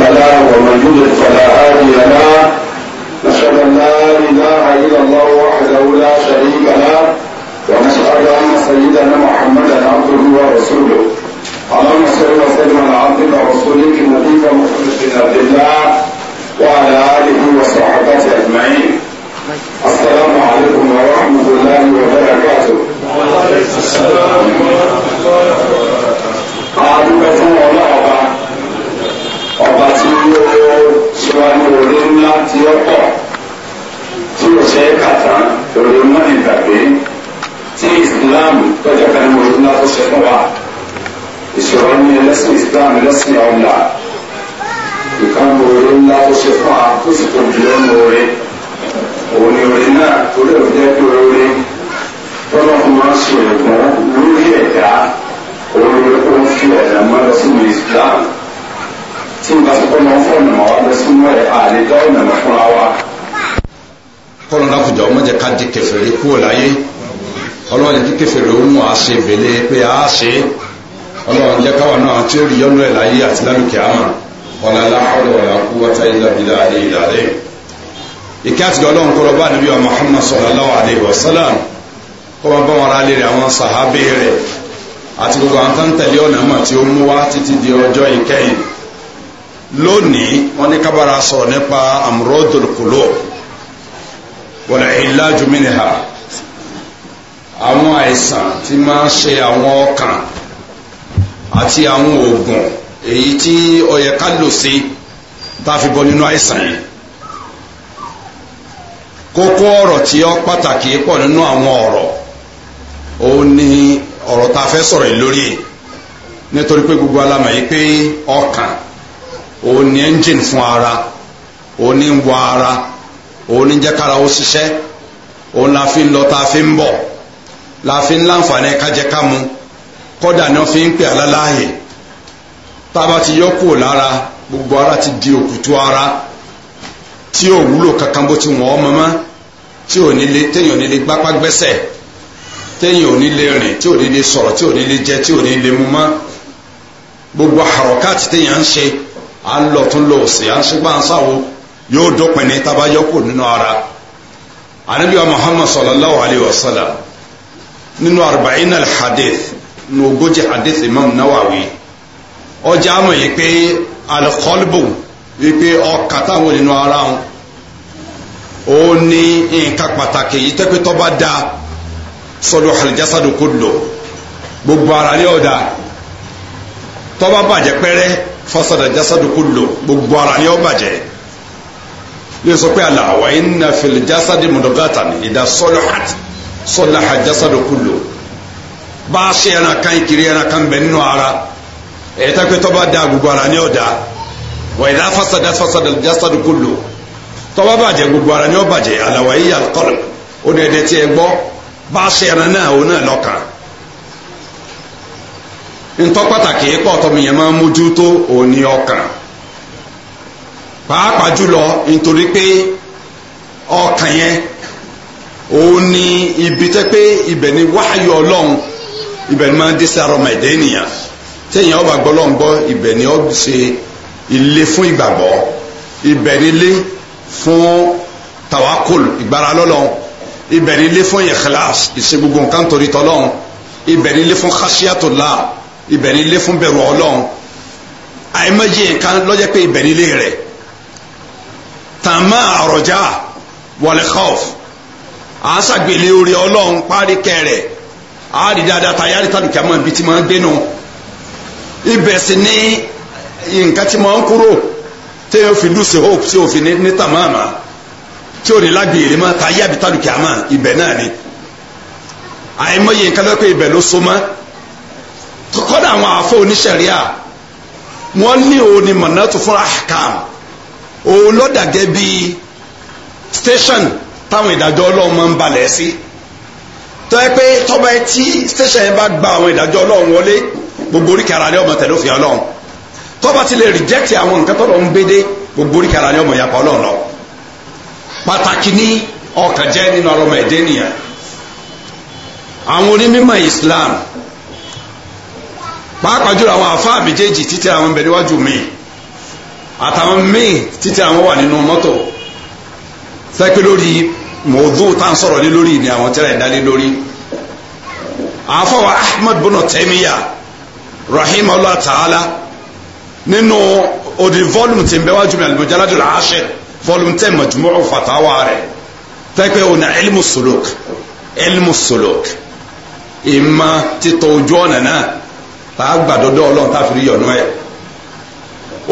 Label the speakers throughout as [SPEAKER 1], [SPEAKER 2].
[SPEAKER 1] مضل ومن يضلل فلا هادي لنا نشهد ان لا اله الا الله وحده لا شريك له ونشهد ان سيدنا محمدا عبده ورسوله اللهم صل وسلم على عبدك ورسولك نبيك محمد بن عبد الله وعلى اله وصحبه اجمعين السلام عليكم ورحمه الله وبركاته وعليكم السلام ورحمه الله وبركاته ọba tí ó síwájú orí ńlá tí ó pọ̀ tí ó ṣe é kàtà orí mọ́ ìgbàgbé tí Islam tọ́jà kan ní orí ńlá tó ṣe fún wa ìṣòro ní ẹlẹ́sìn Islam lẹ́sìn ọ̀la ìkànnì orí ńlá tó ṣe fún wa tó sì tó jùlọ ní orí òun ni orí náà torí òun jẹ́ pé orí tọ́lọ́ fún wa ṣe ẹ̀gbọ́n lórí ẹ̀dá orí ó ń fi ẹ̀dá mọ́ lọ sínú Islam tí n bá sọ pé mo ń fọ̀nà mọ́ wa bẹ́ súnmọ́ ẹ̀ àlè dá ọ̀nà mọ́ fúnra wa. kọ́lọ́dà kùjọ ọmọ jẹ́ ká di kẹfẹ́rẹ́ kúrò láyé ọlọ́run jẹ́ kí kẹfẹ́rẹ́ ó mú àṣẹ ìbẹ̀lẹ̀ pé a ṣe ọlọ́run jẹ́ káwa náà tí ó rí yọ́nú ẹ̀ láyé àti lálùkì àmà ọ̀là aláhọ́lẹ̀ ọ̀là kú wọ́tá ilà bílà àlè ìdàlẹ́. ìkẹ́ àtìgbà ọlọ́run kọ́ lọ́ba de ọmọ Muhammad sallallahu alaihi wasallam kọ́ máa bá wọn ara lè rẹ̀ àwọn sàhábé rẹ̀ àti gbogbo àwọn tó ń tẹ̀lé ọ̀nà mọ̀ tí ó mú wá títí di ọjọ́ ìkẹyìn lónìí wọn ní kábàárà sọ̀rọ̀ nípa amrodul qulub wal ilaju minha àwọn àìsàn tí máa ń ṣe àwọn ọkàn àti àwọn oògùn èyí tí ó yẹ ká lò sí tá a fi bọ́ nínú àìsàn yìí kókó ọ̀rọ̀ tí ó pàtàkì pọ̀ nínú àwọn ọ̀rọ̀ òun ni ọ̀rọ̀ tá a fẹ́ sọ̀rọ̀ yìí lórí nítorí pé gbogbo alamọ̀ yìí pé ọkàn òun ni engine fún ara òun ni wọ ara òun ni jẹ́ kára ó ṣiṣẹ́ òun la fi ń lọ fi ń bọ̀ la fi ń láǹfààní kájẹkámu kọ́dà ni wọ́n fi ń pè ti yọ kúrò gbogbo ara ti di òkùtù ara tí ò wúlò kankan bó ti wọ́n ọmọ tí ò ní lè téèyàn ní lè gbápá gbẹ́sẹ̀ téèyàn ò ní lè rìn tí ò ní lè sọ̀rọ̀ tí ò ní gbogbo téèyàn ń ṣe à ń lọ tún lọ òsì à ń ṣígbà ń sáwo yóò dópin ní tabayọ́kù nínú ara anabi wa muhammad sallallahu alayhi wa sallam nínú arba'in al-hadith nínú ogójì hadith imam nawawi ọjà àmọ̀ yìí pé alikọ́lbù yìí pé ọkàn táwọn nínú ara wọn ó ní nǹkan pàtàkì yìí tẹ́ tó bá da sọdọ̀ alijasadu kullu gbogbo ara ní ọ̀dà tó bàjẹ́ pẹ́rẹ́ fasada jasadu kullu gbogbo ara ni ó bàjẹ́ yóò sọ pé àlà wa inna fil jasadi mudghatan idha salahat salaha jasadu kullu bá a ṣe ẹran kan ìkiri ẹran kan bẹ nínú ara ẹ̀ẹ́dá pé tọ́ba da gbogbo ara ni ó da wa idha fasada fasada jasadu kullu tọ́ba bàjẹ́ gbogbo ara ni ó bàjẹ́ àlà wa hiya al qalb ó dẹ̀ẹ́dẹ́ gbọ́ bá a ṣe ẹran náà ó náà lọ́kàn ntọ́ pàtàkì pọ̀ tọmìyàn máa ń mójútó òní ọkàn pàápàá jùlọ nítorí pé ọkàn yẹn òun ni ibi tẹ́ pé ibẹ̀ ni wáyọ̀ ọlọ́run ibẹ̀ ni máa ń dé sí arọmọ ẹ̀dẹ́ ènìyàn téèyàn ọba ni ó ṣe ilé fún ìgbàgbọ́ ibẹ̀ ni ilé fún tawakol ìgbára lọ́lọ́run ibẹ̀ ni ilé fún ìkìláàsì ìṣe gbogbo nǹkan torí tọ́lọ́run ibẹ̀ ni ilé fún khashiyatullah ibẹ̀ ni ilé fún bẹ̀rù ọlọ́run àìmọye nǹkan lọ́jẹ́ pé ibẹ̀ ni ilé rẹ̀ tàmá àròjà wọlé kọ́ọ̀f à ń ṣàgbélé orí ọlọ́run parí kẹrẹ̀ à rí dáadáa tayá rí tàbí kẹmọ ibi tí máa gbénu ibẹ̀ sì ni nǹkan tí máa ń kúrò tí yóò fi lùsì hope tí yóò fi ní tàmá àmà tí ò ní lágbèrè mọ́ tayá àbí tàbí kẹmọ ibẹ̀ náà ni àìmọye nǹkan lọ́pẹ́ ibẹ̀ ló so mọ́ kọ́dà àwọn àfọ oníṣẹ̀ríà wọ́n ní òun ni mọ̀nàtò fún ahkam òun lọ́dà gẹ́ bí station táwọn ìdájọ́ ọlọ́run máa ń balẹ̀ sí tọ́ ẹ pé tọ́ba tí station yẹn bá gba àwọn ìdájọ́ ọlọ́run wọlé gbogbo oríkì ara ní ọmọ tẹ̀lé òfin ọlọ́run tọ́ba ti lè rìjẹ́tì àwọn nǹkan tọ́lọ̀ ń bédé gbogbo oríkì ara ní ọmọ ìyàpá ọlọ́run lọ pàtàkì ní ọkàn jẹ́ nínú ọlọ́mọ ẹ̀dẹ́ nìyẹn àwọn onímọ̀ Islam pàápàá jùlọ àwọn àfáà méjèèjì títí àwọn ń bẹ níwájú mi àtàwọn míì títí àwọn wà nínú mọ́tò fẹ́pẹ́ lórí mọ̀ọ́dún tá à ń sọ̀rọ̀ lé lórí ni àwọn tẹ́lẹ̀ dálé lórí àfọwọ́ Ahmad bono tẹ́míyà rahimahullah ta'ala nínú odi volume tí ń bẹ wájú mi al-mujaladu al-ashir volume ten majmu'u fatawa rẹ̀ fẹ́pẹ́ òun náà ilmu suluk ilmu ojú ọ̀nà náà tá a gbà dọ́dọ́ ọlọ́run tá a fi rí yọ̀nú ẹ̀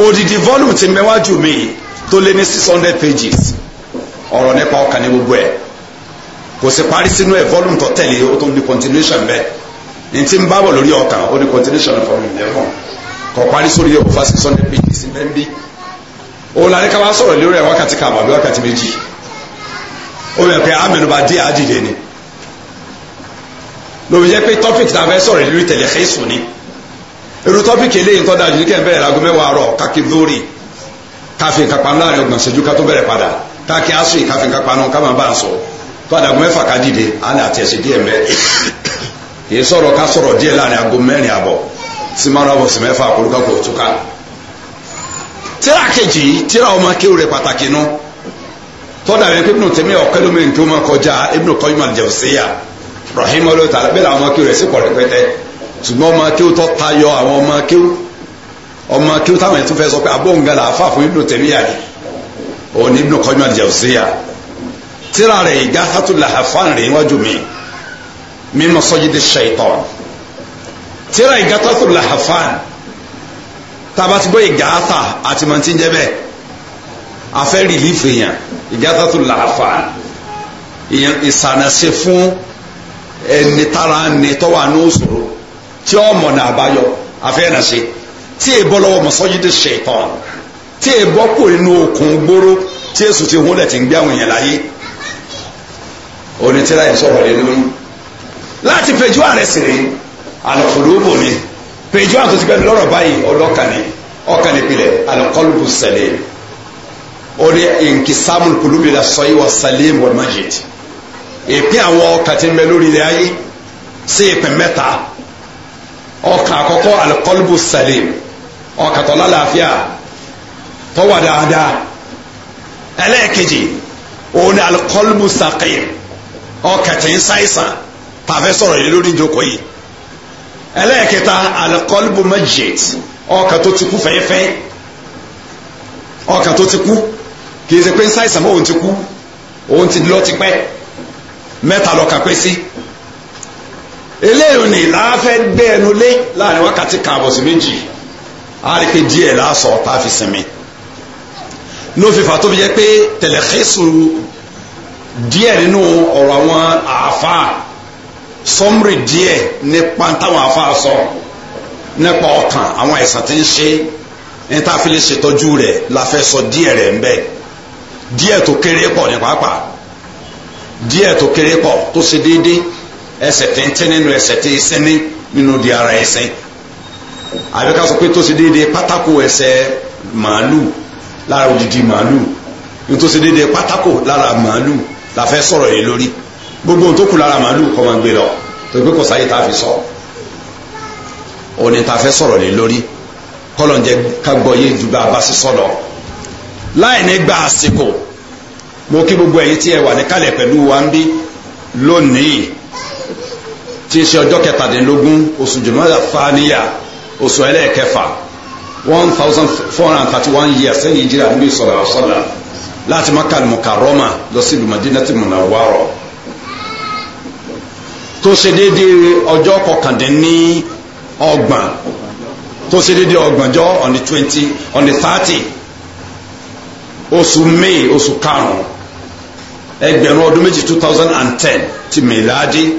[SPEAKER 1] odidi volume ti mẹ́wájú mi tó lé ní six hundred pages ọ̀rọ̀ nípa ọkàn ní gbogbo ẹ̀ kò sì parí sínú ẹ̀ volume tó tẹ̀lé ó tó ní continuation bẹ́ẹ̀ ní ti ń bábọ̀ lórí ọkàn ó ní continuation volume eleven kò parí sórí ẹ̀ over six hundred pages bẹ́ẹ̀ bí òun la ká wá sọ̀rọ̀ lórí ẹ̀ wákàtí kan àbí wákàtí méjì ó yẹ pé amẹnuba díẹ̀ á ni lóbi jẹ́ pé topic tá a fẹ́ sọ̀rọ̀ lórí tẹ̀lé xeṣù ni irú tọ́pìkì eléyìí nǹkan dájú kẹ́ ń bẹ̀rẹ̀ láago mẹ́wàá rọ̀ kákì lórí káfí nǹkan panu láàrin ọgbọ̀n ṣẹ́jú ká tó bẹ̀rẹ̀ padà káàkiri asùn káfí nǹkan panu ká máa bá a sọ tó àdàgùn mẹ́fà ká dìde á ní àti ẹ̀sìn díẹ̀ mẹ́ èyí sọ̀rọ̀ ká sọ̀rọ̀ díẹ̀ láàrin aago mẹ́rin àbọ̀ sí márùn àbọ̀ sí mẹ́fà kórúkàkó òtúkà tíra kejì tíra ọmọ kéwù ṣùgbọ́n ọmọ akéwù tó tayọ àwọn ọmọ akéwù ọmọ akéwù táwọn ẹ̀tún fẹ́ sọ pé abóhùn gan làáfà fún ibùdó tẹ̀mí yàrá òun ní ibùdó kọ́jú àti jẹ̀ọ́síyà tíra rẹ̀ ìgá hátùlà àfáàn rẹ̀ níwájú mi mímọ sọ́jídé ṣẹ̀tọ́n tíra ìgá hátùlà àfáàn tabatibọ ìgáàtà àti mọ̀tí jẹ́bẹ̀ afẹ́ rìlífù èèyàn ìgáàtà tó làáfà ìsànàṣe fún ẹni tára ni tọ́wà ní òṣòro tí ó mọ̀nà àbáyọ àfẹ́ràn ṣe tí èbọ lọ́wọ́ mọ̀sọ́jídé ṣètọ́n tí èbọ kò nínú okùn gbóró tí èsù ti hun lẹ̀ ti ń gbé àwọn èèyàn láyé onítìlá yẹn sọ̀rọ̀ lé lórí láti péjú ààrẹ sì rí àlọ́fọ̀lóbò mi péjú àti ti gbẹ́nu lọ́rọ̀ báyìí ọlọ́kànnì ọkànnì pilẹ̀ àlọ́kọ́lùbù sẹ̀lẹ̀ orí nkìsámù kùlùbì la sọ ìwọ sẹlẹ̀ wọ́n májèjì ìpín àwọn ọkàn ti ń bẹ lórí ilẹ̀ ayé sí ìpín mẹ́ta ọkàn àkọ́kọ́ alikọlbu salim ọkàn tó lálàáfíà tó wà dáadáa ẹlẹ́ẹ̀kejì òun ni alikọlbu saqim ọkàn tí ń ṣàìsàn tàfẹ́ sọ̀rọ̀ yìí lórí ìjókòó yìí ẹlẹ́ẹ̀kẹta alikọlbu majid ọkàn tó ti kú fẹ́ẹ́fẹ́ ọkàn tó ti kú kì í ṣe pé ń ṣàìsàn mọ́ òun ti kú òun ti lọ ti pẹ́ mẹ́ta lọ́kàn pé sí. Si eléyìí ni láàfẹ́ gbé ẹnu lé láàrin wákàtí kan àbọ̀sí méjì àríkè díẹ̀ láàsọ̀ tá a fi sinmi ló fi fà tó fi jẹ́ pé tẹ̀lẹ̀kẹ́sù díẹ̀ nínú ọ̀rọ̀ àwọn àáfà sọmúrì díẹ̀ nípa táwọn àáfà sọ nípa ọkàn àwọn ẹ̀sán tí ń ṣe ní tá a fi lè ṣètọ́jú rẹ̀ la fẹ́ sọ díẹ̀ rẹ̀ ń bẹ díẹ̀ tó kéré pọ̀ ní pàápàá díẹ̀ tó kéré pọ̀ tó ṣe déédéé ẹsẹ̀ tẹntẹn nínú ẹsẹ̀ tẹ ẹsẹni nínú di ara ẹsẹ̀ àbí ká sọ pé tó ṣe déédéé pátákó ẹsẹ̀ màálù lára odidi màálù tó ṣe déédéé pátákó lára màálù la fẹ́ sọ̀rọ̀ yìí lórí gbogbo ohun tó kù lára màálù kọ́ máa gbé lọ tó gbé kò sáyé tá a fi sọ òun ni tá a fẹ́ sọ̀rọ̀ lé lórí kọ́lọ̀njẹ́ ká gbọ́ yé ju bá a bá sí sọ̀rọ̀ láì ní gba àsìkò mo kí gbogbo ẹ̀yin tí ẹ wà ní kálẹ̀ pẹ̀lú wa ń bí lónìí tí í ṣe ọjọ́ kẹtàdínlógún oṣù jùmọ́dà fàníyà oṣù ẹlẹ́ẹ̀kẹfà one thousand four hundred thirty one years ẹ̀yìn ìjìrà níbi sọ̀rọ̀ àṣọ̀là láti Makkah al-Mukarrama lọ sí ìlú Madinati Munawwara tó ṣe déédéé ọjọ́ kọkàndínlọ́gbọ̀n tó ṣe déédéé ọgbọ̀njọ́ on the twenty on the thirty oṣù May oṣù karùn-ún ẹgbẹ̀rún ọdún méjì two thousand and ten ti mìláàdì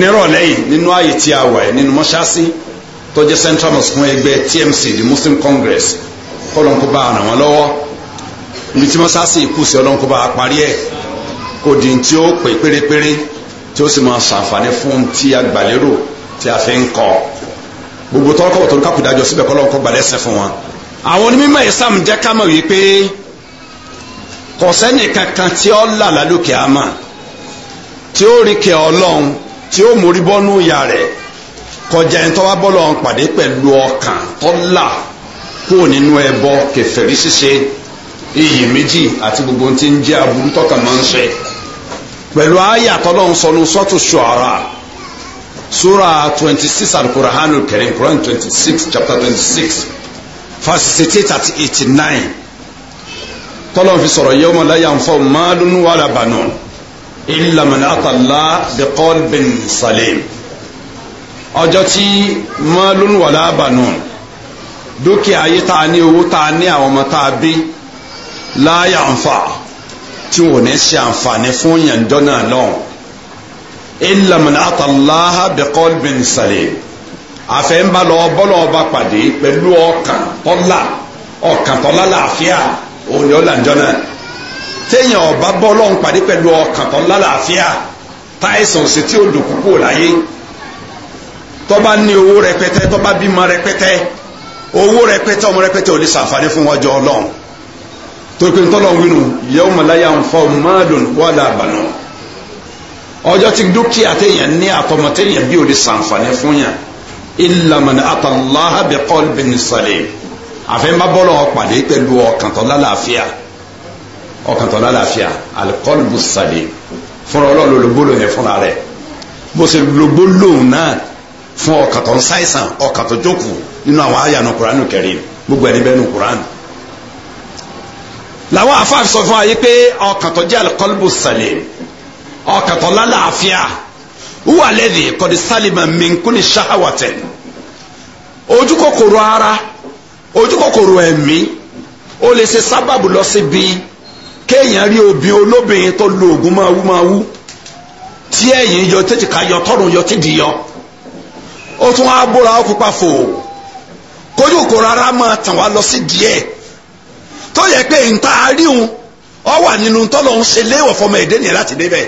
[SPEAKER 1] nírọ̀lẹ́ yìí nínú ààyè tí a wà yìí nínú mọ́ṣáṣí tó jẹ́ central mosque fún ẹgbẹ́ TMC the Muslim Congress kọ́lọ́nkóbá ràn wọ́n lọ́wọ́ ibi tí mọ́ṣáṣí kù sí ọlọ́nkóbá parí ẹ̀ kò di tí ó pè pérépéré tí ó sì máa ṣàǹfààní fún tí a gbàlérò tí a fi ń kọ́ gbogbo tọ́lọ́kọ̀ tó ń kápùdájọ síbẹ̀ kọ́lọ́nkóbá lẹ́sẹ̀ fún wọn. àwọn onímọ̀ ìsàm jẹ́ ká mọ̀ wípé kò kankan tí ó là lálùkẹ́ àmà tí ó rí kẹ́ ọlọ́run tí ó mórí bọ́nú ìyá rẹ̀ kọjá ẹni tó wá bọ́ lọ́wọ́ pàdé pẹ̀lú ọkàn tó là kó nínú ẹbọ kèfèrí ṣíṣe iyèméjì àti gbogbo tí ń jẹ́ aburú tọ́ka máa ń ṣe pẹ̀lú àyà tọ́lọ́hún sọnù sọ́tù ṣọ́ara sura twenty six alukurahanu kẹrin quran twenty six chapter twenty six verse sixty eight àti eighty nine tọ́lọ́hún fi sọ̀rọ̀ yẹ́wọ́n láyà ń fọ́ màálùú wàlà bànú illa man atalla bi qalbin salim ọjọ́ tí malun wala banun dúkìá ayé tá a ní owó tá a ní àwọn ọmọ tá a bí la yanfa tí wọn ò ní ṣe àǹfààní fún yànjọ́ náà lọ́hùn illa man atallaha bi qalbin salim àfẹ́ ń bá lọ bọ́lọ̀ ọba pàdé pẹ̀lú ọkàn tọ́lá ọkàn tọ́lá làáfíà òun ni ó lànjọ́ náà téèyàn ọba bọ́ lọ́hùn pàdé pẹ̀lú ọkàn tó lálàáfíà táìsàn sí tí ó dùn púpọ̀ láyé tọ́ba ní owó rẹpẹtẹ tọ́ba bímọ rẹpẹtẹ owó rẹpẹtẹ ọmọ rẹpẹtẹ ò lè ṣàǹfààní fún wọn jọ ọlọ́run torí pé ntọ́lọ́run wínú yawma la yanfa'u malun wala banun ọjọ́ tí dúkìá téèyàn ní àtọmọ téèyàn bí ò lè ṣàǹfààní fún yàn illa man ata Allaha bi qalbin pàdé pẹ̀lú ọkàn tó lálàáfíà ọkàn tó lálàáfíà alikọlùbù sàlẹ̀ fúnra ọlọ́run ológbólò yẹn fúnra rẹ̀ bó ṣe lógbólò náà fún ọkàn tó ń ṣàìsàn ọkàn tó jókòó nínú àwọn àyànà kuranu kẹrin gbogbo ẹni bẹ́ẹ̀ nu kuranu. làwọn afáàfin sọ fún wa yìí pé ọkàn tó jẹ́ alikọlùbù sàlẹ̀ ọkàn tó lálàáfíà wúwà lẹ́dí kọ́ni sálìmà mìkúni ṣáhàwàtẹ̀ ojú kòkòrò ara ojú ẹ̀mí o lè ṣe sábàbù lọ sí bíi kéèyàn rí obìnrin olóbìnrin tó lo oògùn máa wú máa wú tí ẹ̀yìn yọ tètè ká yọ tọ́rùn yọ tìdí yọ ó tún á bóra ó pupa fò kójú kò rárá máa tàn wá lọ sí díẹ̀ tó yẹ pé nta àríhun ọ wà nínú ntọ́lọ̀ ń ṣe léèwọ̀ fọmọ èdè nìyẹn láti débẹ̀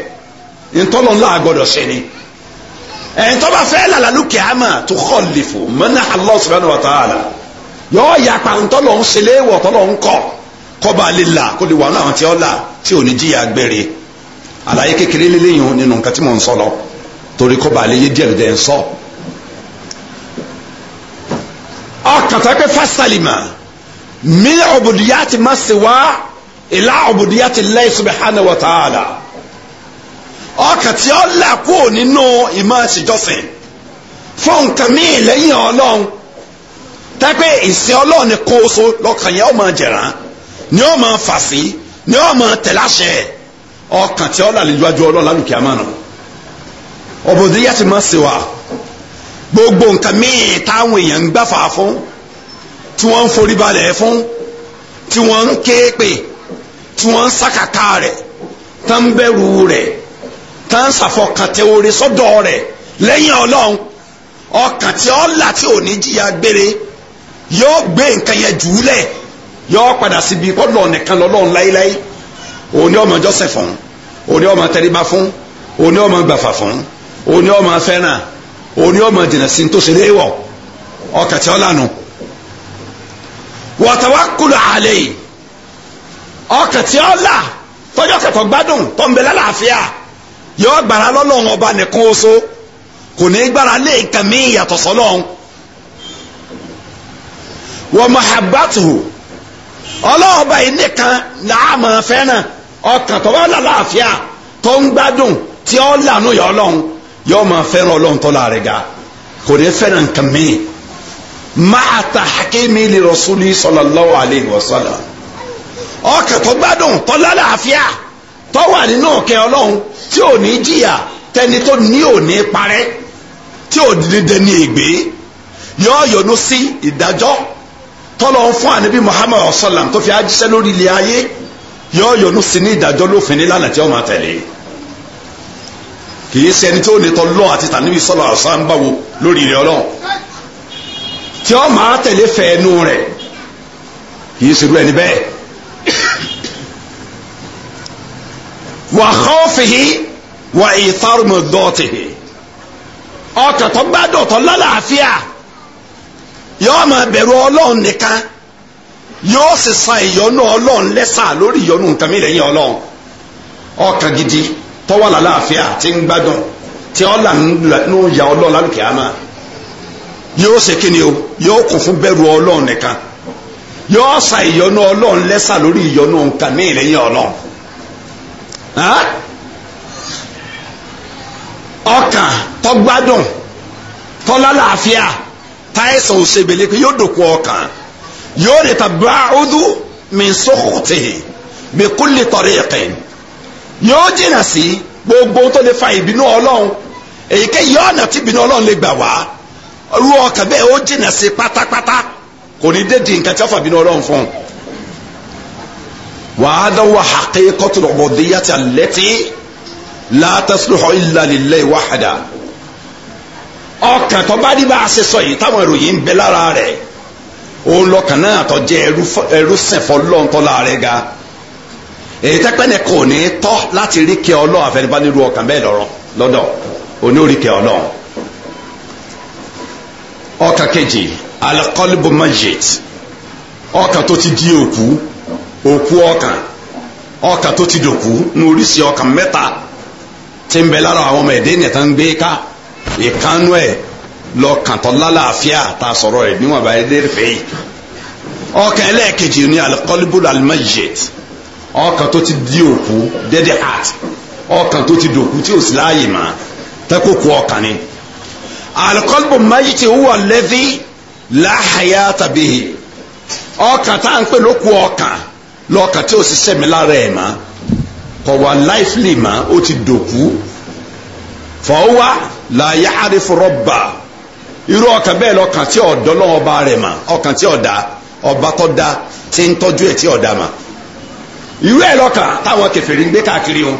[SPEAKER 1] ntọ́lọ̀ ńlá gbọ́dọ̀ ṣe ni ẹ̀ńtọ́ bá fẹ́ làlálù kìámà tó kọ́ lè fò mọ́nà Allah subhanahu wa ta'ala yọ ọ́ yà ntọ́lọ̀ ń ṣe léèwọ̀ tọ́lọ̀ ń kọ́ kọ́ba lè là kó lè wà láwọn tí ó là tí ò ní jìyà gbére àlàyé kékeré lélẹ́yìn nínú nǹkan tí mò ń sọ lọ torí kọ́ba lè yé díẹ̀ díẹ̀ ń sọ. ọkàtà pé fásalìmà mí ọ̀bùdíyà ti má se wá ìlà ọ̀bùdíyà ti Allah subhanahu wa ta'ala ọkàn tí ó là kúrò nínú ìmọ̀ ìṣèjọsìn fún nǹkan míì lẹ́yìn ọlọ́run tẹ́pẹ́ ìsìn ọlọ́run ni kóso lọ́kàn yẹn ó máa jẹ̀rán ni ó máa fà sí ni ó máa tẹ̀lé àṣẹ ọkàn tí ó là níwájú ọlọ́run lálùkì àmàna ọ̀bọ̀dé yá ti máa ṣe wà gbogbo nǹkan míì táwọn èèyàn ń gbàfà fún tí wọ́n ń forí balẹ̀ fún tí wọ́n ń ké tí wọ́n ń sàkàtà rẹ̀ tán ń bẹ̀rù tán ń ṣàfọkàntẹ́ oore sọ́dọ̀ rẹ̀ lẹ́yìn ọlọ́run ọkàn tí ó là tí ò ní jìyà gbére yóò gbé nǹkan yẹn jù ú lẹ̀ yọ padà síbi kọlọ nìkan lọ́lọ́run láíláí òun ni ọmọ jọsẹ fún òun ni ọmọ tẹríba fún òun ni ọmọ gbàfà fún òun ni ọmọ fẹ́ràn òun ni ọmọ jìnnà sí tó ṣe léwọ ọkà tí ó lànà wọtawakulu àlè ọkà tí ó là tọjọ kẹtọ gbádùn tó ń bẹ lálàáfíà yọ gbàrà lọ́lọ́run ọba nìkan oṣó kò ní gbára lé nǹkan ìyàtọ̀ sọ́lọ́run wọ́n mọ̀ habatuhu ọlọ́ọ̀ba yìí nìkan làámọ̀ fẹ́ràn ọkàn tó wà lálàáfíà tó ń gbádùn tí ó lànà yọ ọlọ́run yóò máa fẹ́ràn ọlọ́run tó láre ga kò ní fẹ́ràn nǹkan mìíràn máa ta hakimi li rasuli sallallahu alayhi wa sallam ọkàn tó gbádùn tó lálàáfíà tó wà nínú ọ̀kẹ́ ọlọ́run tí ò ní jìyà tẹni tó ní ò ní parẹ́ tí ò ní dẹni ègbé yóò yọnu sí ìdájọ́ tọ́lọ̀ fún ànábì Muhammad ọ̀sọ́làm tó fi ajíṣẹ́ lórí ilé ayé yọ yọnu sí ní ìdájọ́ lófin nílànà tí ó máa tẹ̀lé kì í ṣe ẹni tí ó lè tọ́ lọ́ àti tànúbí sọ́lọ̀ ọ̀sán báwo lórí ilé ọlọ́run tí ó máa tẹ̀lé fẹ́ẹ́nu rẹ̀ kì í ṣerú ẹni bẹ́ẹ̀ wà khawfihi wà ìtàrùmọ̀dọ́tì ọkàn gbádùn tó lálàáfíà yóò máa bẹ̀rù ọlọ́run nìkan yóò sì san ìyọnu ọlọ́run lẹ́sàn lórí ìyọnu nǹkan mi lẹ́yìn ọlọ́run ọkàn gidi tọ́wọ́ làlàáfíà tí ń gbádùn tí ọ̀là nù ya ọlọ́run lálùkì àmà yóò ṣe kí ni o yóò kún fún bẹ̀rù ọlọ́run nìkan yóò san ìyọnu ọlọ́run lẹ́sàn lórí ìyọnu nǹkan mi lẹ́yìn ọlọ́run ọkàn tó gbádùn tó táìsàn òṣèbèlè pé yóò dòkú ọkàn yóò lè ta báàrúdú min sókòtè bí kúlì tọrí ẹ̀kẹ́ yóò jìnnà sí gbogbo tó lè fa ìbínú ọlọ́run èyíkéyìí ọ̀nà tí ìbínú ọlọ́run lè gbà wá ru ọkàn bẹ́ẹ̀ ó jìnnà sí pátápátá kò ní dé di nǹkan tí wọ́n fa ìbínú ọlọ́run fún un. وهذا هو حقيقة العبودية التي لا تصلح إلا لله وحده ọkàn tó bá rí bá a ṣe sọ yìí táwọn ìròyìn ń bẹ lára rẹ̀ òun lọkàn náà tó jẹ́ ẹrú sìn fọlọ́n tọ́lá rẹ̀ ga èyí tẹ́pẹ́nì kò ní tọ́ láti rí kẹ́ ọlọ́run àfẹnibánirú ọkàn bẹ́ẹ̀ lọ́rọ̀ lọ́dọ̀ òní ò rí kẹ́ ọlọ́run ọkàn kejì alikọlibu majid ọkàn tó ti di òkú òkú ọkàn ọkàn tó ti dòkú ní oríṣi ọkàn mẹ́ta tí ń bẹ lára àwọn ọmọ ẹ̀dẹ́ ènìyàn tó ń gbé ká ìkánú ẹ̀ lọ́kàntọ́ lálàáfíà tá a sọ̀rọ̀ ẹ̀ níwọ̀n bá yẹn lérè fẹ́ yìí ọkàn ẹlẹ́ẹ̀kejì ni alikọ́líbùlù alimajit ọkàn tó ti di òkú dẹ́dẹ́ heart ọkàn tó ti dòkú tí ò sí láàyè mọ́ tẹ́kọ̀kọ̀ ọkàn ni alikọ́líbù majit huwa alladhi la hayata bihi tá à ń pè lókù ọkàn lọ́kàn tí ò sí sẹ́mi lára ẹ̀ mọ́ kọ̀wá láìfìlì mọ́ ó ti dòkú fọwọ́ la ya'rifu rabba irú ọkàn bẹ́ẹ̀ lọ́kàn tí ọ̀dọ́ lọ́wọ́ bá rẹ̀ mà ọkàn tí ọ̀dá ọba tó dá tí ń tọ́jú ẹ̀ tí ọ̀dá mà irú ẹ̀ lọ́kàn táwọn kèfèrí ń gbé káàkiri o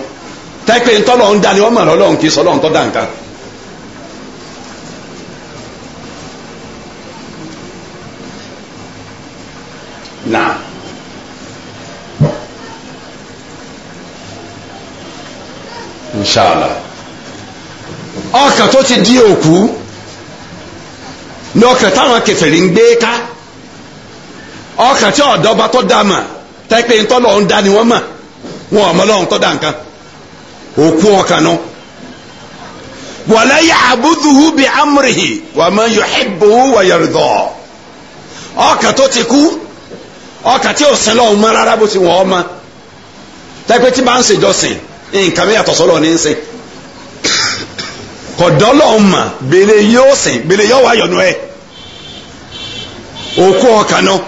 [SPEAKER 1] tẹ́pẹ́ ntọ́lọ́ ń dání ọmọ ọlọ́run kì í sọlọ́run tó dá nǹkan. inshallah ọkàn tó ti di òkú ní ọkàn táwọn kèfèrí ń gbé ká ọkàn tí ọ̀dọ́ba tó dá mà tẹ́pẹ́ ńtọ́lọ́ ń dá ni wọ́n mà wọn ò mọ́lọ́run tó dá nǹkan òkú ọkàn náà wala ya'buduhu bi amrihi wa man yuhibbuhu wa yarda ọkàn tó ti kú ọkàn tí ò sin lọ́hùn mọ́ rárá bó ti wọ̀ ọ́ tẹ́pẹ́ tí bá ń ṣèjọ́sìn nǹkan mẹ́yàtọ̀ sọ́lọ́ ní ń sìn kọ̀dọ́lọ̀ mà bèlè yóò sìn bèlè yóò wá yọ̀nù ẹ̀ òkú ọkàn náà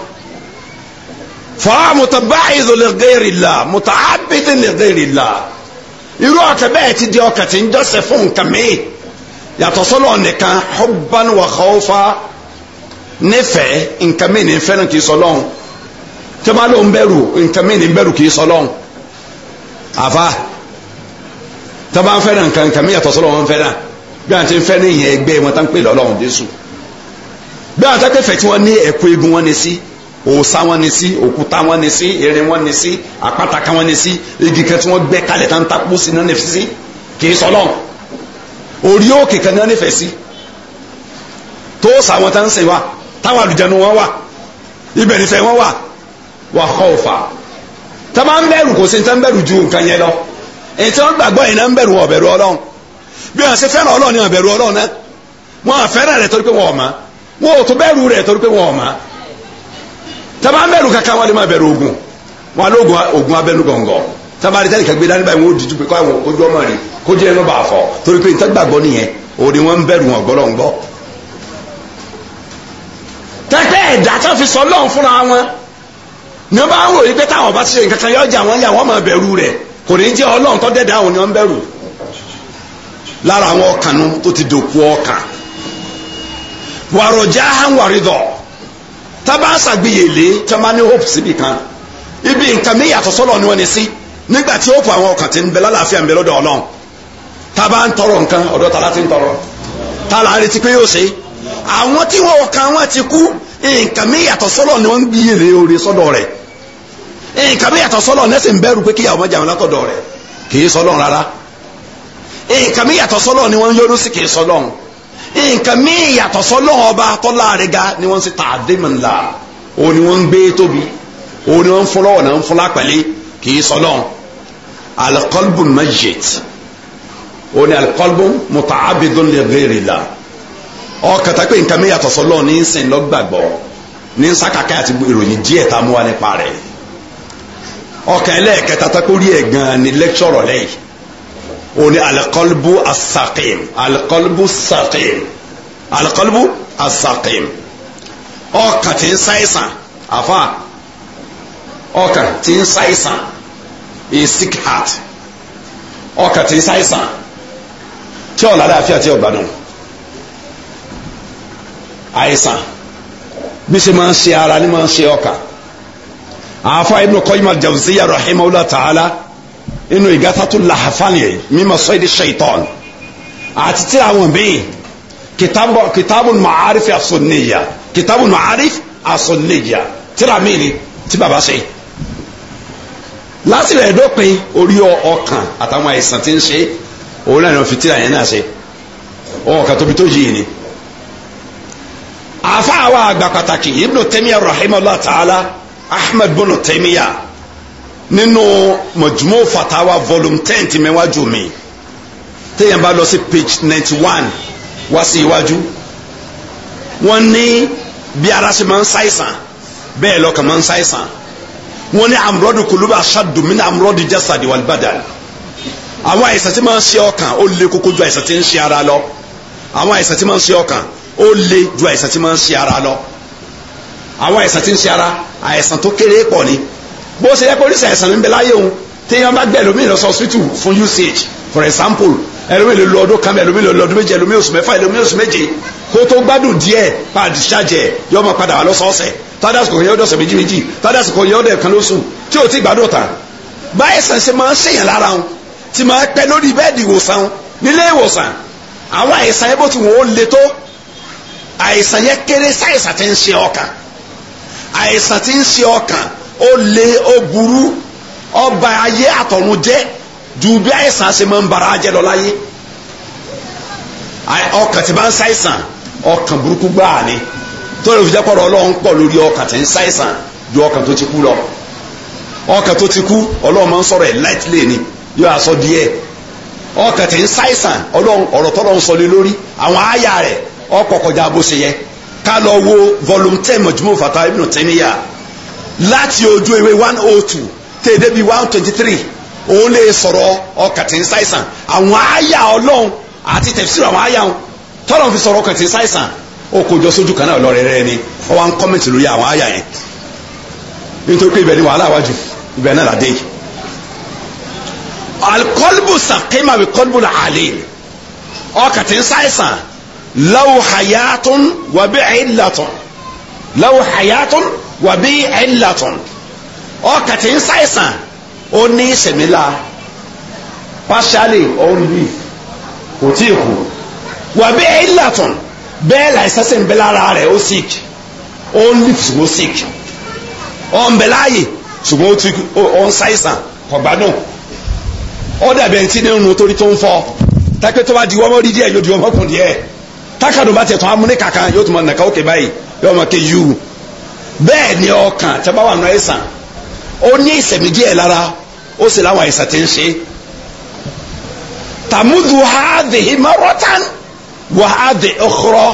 [SPEAKER 1] fa mutabaayizu li ghayri Allah mutaabidi li ghayri Allah irú ọkàn bẹ́ẹ̀ ti di ọkàn tí ń jọ́sẹ̀ fún nǹkan mìíràn yàtọ̀ sọ́lọ̀ nìkan hubban wa khawfa nífẹ̀ẹ́ nǹkan mìíràn ń fẹ́ràn kì í sọlọ́hún tí wọ́n bá lóun bẹ̀rù nǹkan mìíràn bẹ̀rù kì í sọlọ́hún àfa tí wọ́n bá fẹ́ràn nǹkan yàtọ̀ sọ́lọ̀ wọn fẹ́ràn bí àwọn ti ń fẹ́ ní ìyẹn ẹgbẹ́ wọn tá ń pè lọ́lọ́run jésù bí àwọn atákẹ́fẹ́ tí wọ́n ní ẹ̀kọ́ egun wọn ni sí òòṣà wọn ni sí òkúta wọn ni sí erin wọn ni sí àpáta kan wọn ni sí igi kan tí wọ́n gbẹ́ kalẹ̀ tá ń takú sí náà nífẹ̀ẹ́ sí kì í sọlọ́run orí òkè kan náà nífẹ̀ẹ́ sí tó sàwọn tá ń sìn wá táwọn àlùjánu wọn wà ibẹ̀ nífẹ̀ẹ́ wọn wà wà kọ́ òfà tá bá ń bẹ̀rù kò sí ní tá ń bẹ̀rù ju nǹkan yẹn lọ èyí tí wọ́n gbàgbọ́ yìí bí wọn ṣe fẹ́ràn ọlọ́run ni wọn bẹ̀rù ọlọ́run náà wọn fẹ́ràn rẹ̀ torí pé wọn ò wọn ò rẹ̀ torí pé wọn ń bẹ̀rù kankan wọn lè bẹ̀rù ogun wọn ogun gọngọ tàbá kẹgbẹ́ dání báyìí wọn ò pé ojú fọ torí pé nìyẹn ń bẹ̀rù wọn gbọ́ ẹ̀dá tó sọ fúnra wọn bá ń wòye pé táwọn ti ṣe nǹkan kan yọjà wọn bẹ̀rù lára àwọn ọkàn nu tó ti dòkú ọkàn wàrọ̀já hanwaridọ̀ tábà ṣàgbéyèlé tí ní hope ibi nǹkan mi ni wọ́n ní sí nígbà tí àwọn ọkàn ti ń bẹ lálàáfíà ń bẹ lọ́dọ̀ ọlọ́run tábà ń tọrọ nǹkan ta láti ń tọrọ ta là ń ti kú nǹkan mi yàtọ̀ ni wọ́n ń gbìyèlé sọ́dọ̀ rẹ̀ nǹkan mi yàtọ̀ sọ́lọ̀ nẹ́sìn pé kíyàwó wọn látọ̀dọ̀ nǹkan mi yàtọ̀ sọ́lọ́ ni wọ́n ń yọrù sí kì í sọ́lọ́ nǹkan mi yàtọ̀ sọ́lọ́ ọba tọ́lá rẹ̀ ga ni wọ́n ń ṣe tàdémọ̀lá òun ni wọ́n ń gbé tóbi òun ni wọ́n ń fọlọ́wọ̀ náà ń fọlá pẹ̀lẹ́ kì í sọ́lọ́ alikọlbù majid òun ni alikọlbù mutaabidun li ghairila ọkàn tá pé nǹkan mi yàtọ̀ sọ́lọ́ ní sìn lọ́gbàgbọ́ ní sákàkà àti ìròyìn díẹ̀ tá a mú wa nípa rẹ̀ ọkàn ẹlẹ́ẹ̀kẹta tá pé ẹ̀ gan-an ni lẹ́kṣọ̀rọ̀ lẹ́yìn òní alikọlbu asaqim alikọlbu saqim alikọlbu asaqim ọkàn tí ń ṣàìsàn àfa ọkàn tí ń ṣàìsàn a sick heart ọkàn tí ń ṣàìsàn tí ọ̀la dáàfíà tí ọ̀gbádùn àìsàn bí ṣe máa ń ṣe ara ni máa ń ṣe ọkàn àfa Ibn Qayyim al-Jawziyya rahimahullah ta'ala inú ìgásátú làhàfáàlì mímọ sọ èdè ṣèitọ́n àti tí àwọn míì kìtàbù ma'arif as-sunniyya kìtàbù ma'arif as-sunniyya tíra míì ni tí bàbá ṣe lásìrò ẹ̀dọ́pin orí ọkàn àtàwọn àìsàn tí ń ṣe òun náà ni wọ́n fi tíra yẹn náà ṣe ọkàn tóbi tó yìí ni àfáà wa àgbà pàtàkì ibnu tẹ́míyà rahimahullah ta'ala ahmed bono tẹ́míyà nínú mọ̀júmọ́ fatawa volume ten ti mẹ́wájú mi téèyàn bá lọ sí page ninety one wá sí iwájú wọ́n ní bí ara ṣe máa ń ṣàìsàn bẹ́ẹ̀ lọ́kàn máa ń ṣàìsàn wọ́n ní amúrọ́dù kùlùbà aṣáàdùn mí ní amúrọ́dù jásàdì wàlúbàdàn àwọn àìsàn tí máa ń ṣe ọkàn ó le koko ju àìsàn tí ń ṣe ara lọ àwọn àìsàn tí máa ń ṣe ọkàn ó le ju àìsàn tí máa ń ṣe ara lọ àwọn àìsàn tí ń ṣe ara àìsàn tó kéré pọ̀ ni bó ṣe yẹ pé oríṣi àìsàn ń bẹ láyé òun téèyàn bá gbẹ ẹlòmíì lọ sọ hospital fún usage for example ẹlòmíì lè lo ọdún kan ẹlòmíì lè lo ọdún méje ẹlòmíì oṣù mẹ́fà ẹlòmíì oṣù méje kó tó gbádùn díẹ̀ pa discharge ẹ yọ ọmọ padà wà lọ́sọ̀ọ̀sẹ̀ tádàsì kò yẹ ọdọ ọ̀sẹ̀ méjì méjì tádàsì kò yẹ ọdọ ẹ̀kan lóṣù tí o ti gbádùn ọ̀tà báyìí sàn ṣe máa ń ṣèyàn lára wọn ti máa pẹ́ lórí bẹ́ẹ̀dì ìwòsàn nílé ìwòsàn àwọn àìsàn yẹn bó ti wọ́n ó le tó àìsàn yẹn kéré sáìsàn ti ń ṣe ọkàn àìsàn ti ń ṣe ọkàn ó le ó burú ọba ayé àtọ̀run jẹ́ ju bí àìsàn ṣe máa ń bara jẹ́ lọ láyé ọkàn tí bá ń ṣàìsàn ọkàn burúkú gbáà ni tó fi jẹ́ pọ̀rọ̀ ọlọ́run pọ̀ lórí ọkàn tí ń ṣàìsàn ju ọkàn tó ti kú lọ ọkàn tó ti kú ọlọ́run máa ń sọ̀rọ̀ ẹ̀ láìtìlẹ̀ ni yóò díẹ̀ ọkàn ń ṣàìsàn ọlọ́run ọ̀rọ̀ sọ lé lórí àwọn àyà láti ojú ewé one oh two tẹ̀ débi one twenty three òun lè sọ̀rọ̀ ọkàn tí ń ṣàìsàn àwọn àyà ọlọ́run àti tẹ̀síwò àwọn àyà wọn tọ́lọ̀ fi sọ̀rọ̀ ọkàn tí ń ṣàìsàn ó kò jọ sójú kan náà lọ rẹ̀rẹ̀ ni ó wá ń kọ́mẹ̀ntì lórí àwọn àyà yẹn nítorí pé ibẹ̀ ni wàhálà wájú ibẹ̀ náà làdé yìí alikọlbu sàkéma bi kọlbu la àlè ọkàn tí ń ṣàìsàn lawu hayatun wàbí ẹ̀yìn latọ̀ lawu hayatun wàbí ẹ̀ńlátọ̀n ọkà tí ń ṣàìsàn ó ní ìṣẹ̀mílà partially or relief kò tí ì kú wàbí ẹ̀ńlátọ̀n bẹ́ẹ̀ láìsẹ́ sí ń bẹ lára rẹ̀ ó sick ó ń lift ṣùgbọ́n sick ó ń bẹ láàyè ṣùgbọ́n ó ń ṣàìsàn kò gbádùn ó dàbí ẹni tí nínú torí tó ń fọ tápẹ́ tó bá di wọ́n rí díẹ̀ yóò di wọ́n mọ́kùn díẹ̀ tákàdùn bá tẹ̀ tán amúnikàkan yóò tún mọ̀ nàka òkè báyìí yóò mọ̀ kẹ́ yúù bẹ́ẹ̀ ni ọkàn tẹ́ bá wà nù àìsàn ó ní ìsẹ̀mí díẹ̀ lára ó sì láwọn àìsàn ti ń ṣe tàmúdù hádìí mọ́rọ́tán wà hádìí ọkọ̀rọ̀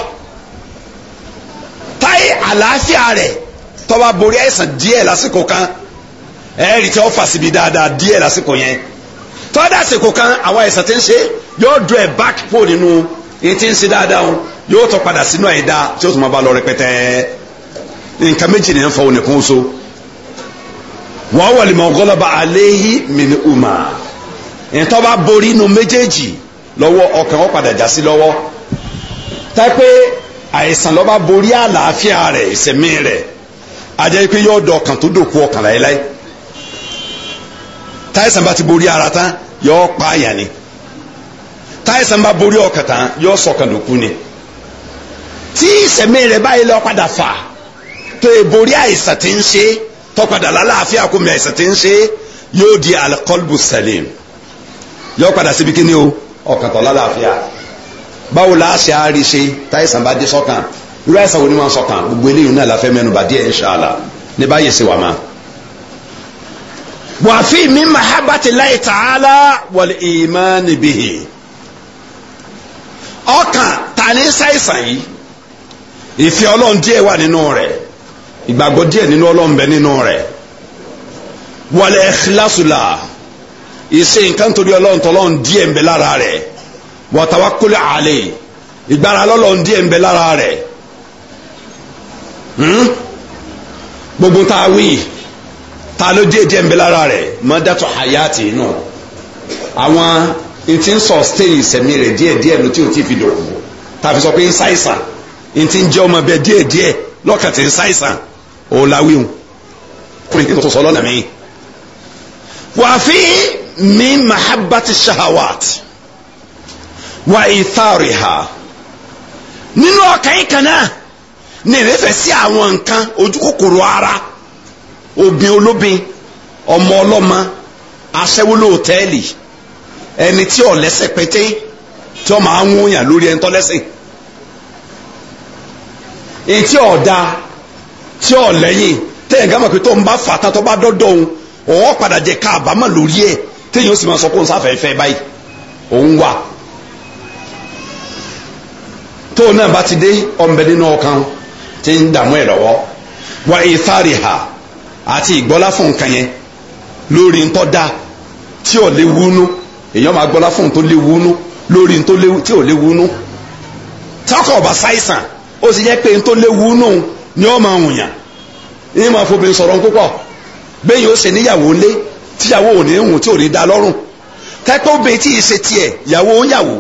[SPEAKER 1] táyé àlàáfíà rẹ̀ tó bá borí àìsàn díẹ̀ lásìkò kan ẹ̀ẹ́rì tí ó fà síbi dáadáa díẹ̀ lásìkò yẹn tọ́dà àsìkò kan àwọn àìsàn ti ń ṣe yóò dùn ẹ̀ back pole nínú èyí ti ń ṣe dáadáa yóò tọ́ padà sínú àìdá tí ó tún máa bá lọ rẹpẹtẹ nǹkan méjì ní ẹnfọ òní kún so wàá wà lè mọ ọgọlọba àléhi mìíní ùmà ìtọ́ bá borí inú méjèèjì lọ́wọ́ ọkàn wọn padà já sí lọ́wọ́ tápé àìsàn lọ́ba borí àlàáfíà rẹ̀ ìsẹ̀mí rẹ̀ ajẹ́ pé yóò dọ̀ ọkàn tó dòkú ọkàn láéláé táìsàn bá ti borí ara tán yóò pa àyà ni táìsàn bá borí ọkàn tán yóò sọkàn dòkú ni tí ìsẹ̀mí rẹ̀ báyìí lọ padà fà á tó borí àìsàn tí ń ṣe tọ́padà lálàáfíà kó mi àìsàn tí ń ṣe yóò di alikọlbù salim yóò padà síbi kí ni o ọkàn tó lálàáfíà báwo la ṣe á rí ṣe táìsàn bá dé sọ́kàn irú àìsàn wo ni wọ́n sọ́kàn gbogbo eléyìí náà la fẹ́ mẹ́nu bà díẹ̀ ní báyìí ṣe wà má. wàfíì mi mahabati láì tààlà wal imani bihi ọkàn tani ṣàìsàn yìí ìfẹ́ ọlọ́run díẹ̀ wà nínú rẹ̀ ìgbàgbọ́ díẹ̀ nínú Ọlọ́run bẹ nínú rẹ̀ wal ikhlasu la ìṣe nǹkan torí Ọlọ́run tọ́lọ́run díẹ̀ ń bẹ lára rẹ̀ wa tawakkul alayhi ìgbára lọ́lọ́run díẹ̀ ń bẹ lára rẹ̀ hmm? gbogbo tá a wí ta ló díẹ̀ díẹ̀ ń bẹ lára rẹ̀ mọ́dátù hayati inú àwọn ntí ń sustain ìsẹ̀mí rẹ̀ díẹ̀ díẹ̀ ló tí o ti fi dòkú tàbí sọ pé ń ṣàìsàn ntí ń jẹ́ ọmọ bẹ díẹ̀ díẹ̀ lọ́kàn tí ń ṣàìsàn ó láwíhùn kúrin kí n tó sọ lọ́nà mi. wà á fi min mahabbati shahawat wà ìtàríhà nínú ọkàn yìí kan náà ní ìrẹ́fẹ̀ sí àwọn nǹkan ojú kòkòrò ara obìn olóbìn ọmọ ọlọ́mọ aṣẹ́wó lóòtẹ́ẹ̀lì ẹni tí ò lẹ́sẹ̀ pété tí ó máa ń wọ̀nyàn lórí tí ò lẹ́yìn téèyàn gá pé tó ń bá fàtà tó bá dọ́dọ̀ òun òun padà jẹ ká àbámọ̀ lórí ẹ̀ téèyàn ó sì máa sọ pé òun báyìí òun wà tóun náà bá ti dé ọ̀nbẹ ha àti ìgbọ́lá fún nǹkan yẹn lórí ń tọ́ da tí ò ni ọ máa wùnyàn ní máa fobìn sọ̀rọ̀ púpọ̀ bẹ́ẹ̀ ó ṣe níyàwó ńlé tíyàwó ò ní hùn tí ò ní da lọ́rùn tẹ́pẹ́ obìnrin tí ì ṣe tiẹ̀ ìyàwó ńyàwó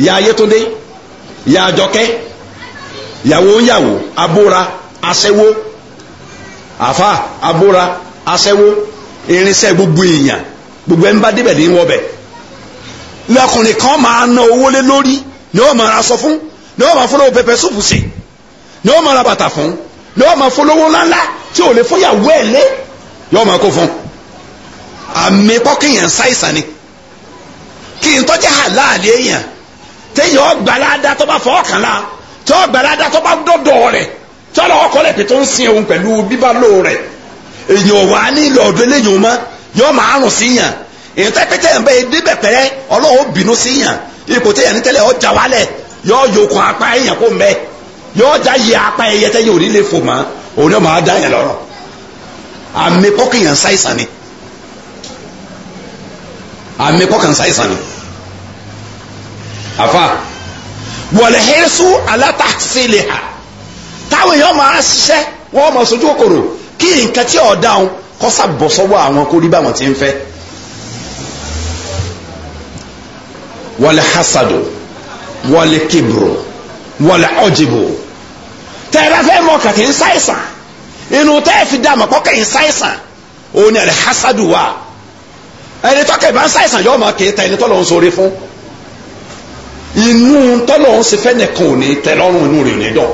[SPEAKER 1] ìyá ayétúndé ìyá àjọkẹ́ ìyàwó ńyàwó abóra aṣẹ́wó àfa abóra aṣẹ́wó irinṣẹ́ gbogbo èèyàn gbogbo ẹ̀ ń bá débẹ̀ ní wọ́bẹ̀ lọkùnrin kan máa ná owó lé lórí ni wọ́n máa ra sọ fún ni wọ́n máa fún lọ́wọ́ pẹpẹ súpù sí i ni ó máa ra bàtà fún ni ó máa fọlọ́wọ́ ńláńlá tí ò lè fọyàwó ẹ̀ lé yóò máa kó fún àmì pọ́kìyàn ṣàìsàn ni kí n tọ́jú àláàlì èèyàn téèyàn ọgbàládá tó bá fọ́ ọ̀kan la tí ọgbàládá tó bá dọ́dọ̀ rẹ̀ tí ọlọ́wọ́ kọ́lẹ̀ pé tó ń sin òun pẹ̀lú bíbálò rẹ̀ èèyàn wà ní ilẹ̀ ọ̀dọ̀ eléyìí mọ́ yóò máa rùn sí yàn èyí tẹ́ pété yàn bẹ́ẹ̀ débẹ̀ pẹ́rẹ́ ọlọ́wọ́ bínú sí yàn ipò téèyàn ní tẹ́lẹ̀ ọjà wálẹ̀ yóò yòókùn apá èèyàn kó mẹ́ẹ̀ yóò já yẹ apá ẹyẹ tẹ yóò nílé fò mọ òun náà máa dá yẹn lọ́rọ̀ àmì kọkànyàn ṣàìsàn ni àmì kọkàn ṣàìsàn ni àfa wọlé hẹrẹsù alátàsílẹ ha táwọn èèyàn máa ṣiṣẹ́ wọn máa sojú kòkòrò kí nǹkan tí ọ̀ dáhùn kọ́ sàbọ̀ sọ́wọ́ àwọn kó rí báwọn ti ń fẹ́. wọlé hasadu wọlé kibro wọlé ọjìbò tẹ́ẹ̀bá fẹ́ mọ kàtí ń ṣàìsàn inú tẹ́ẹ̀ fi dààmú kọ́kẹ́ ń ṣàìsàn òun ni ẹ̀rẹ̀ hasadu wa ẹni tọ́kẹ́ bá ń ṣàìsàn yọ̀ọ́ máa kéé ta ẹni tọ́lọ́ ń sori fún inú tọ́lọ́ ń sefẹ́ nìkan ò ní tẹ lọ́rùn inú rẹ̀ ò ní dọ̀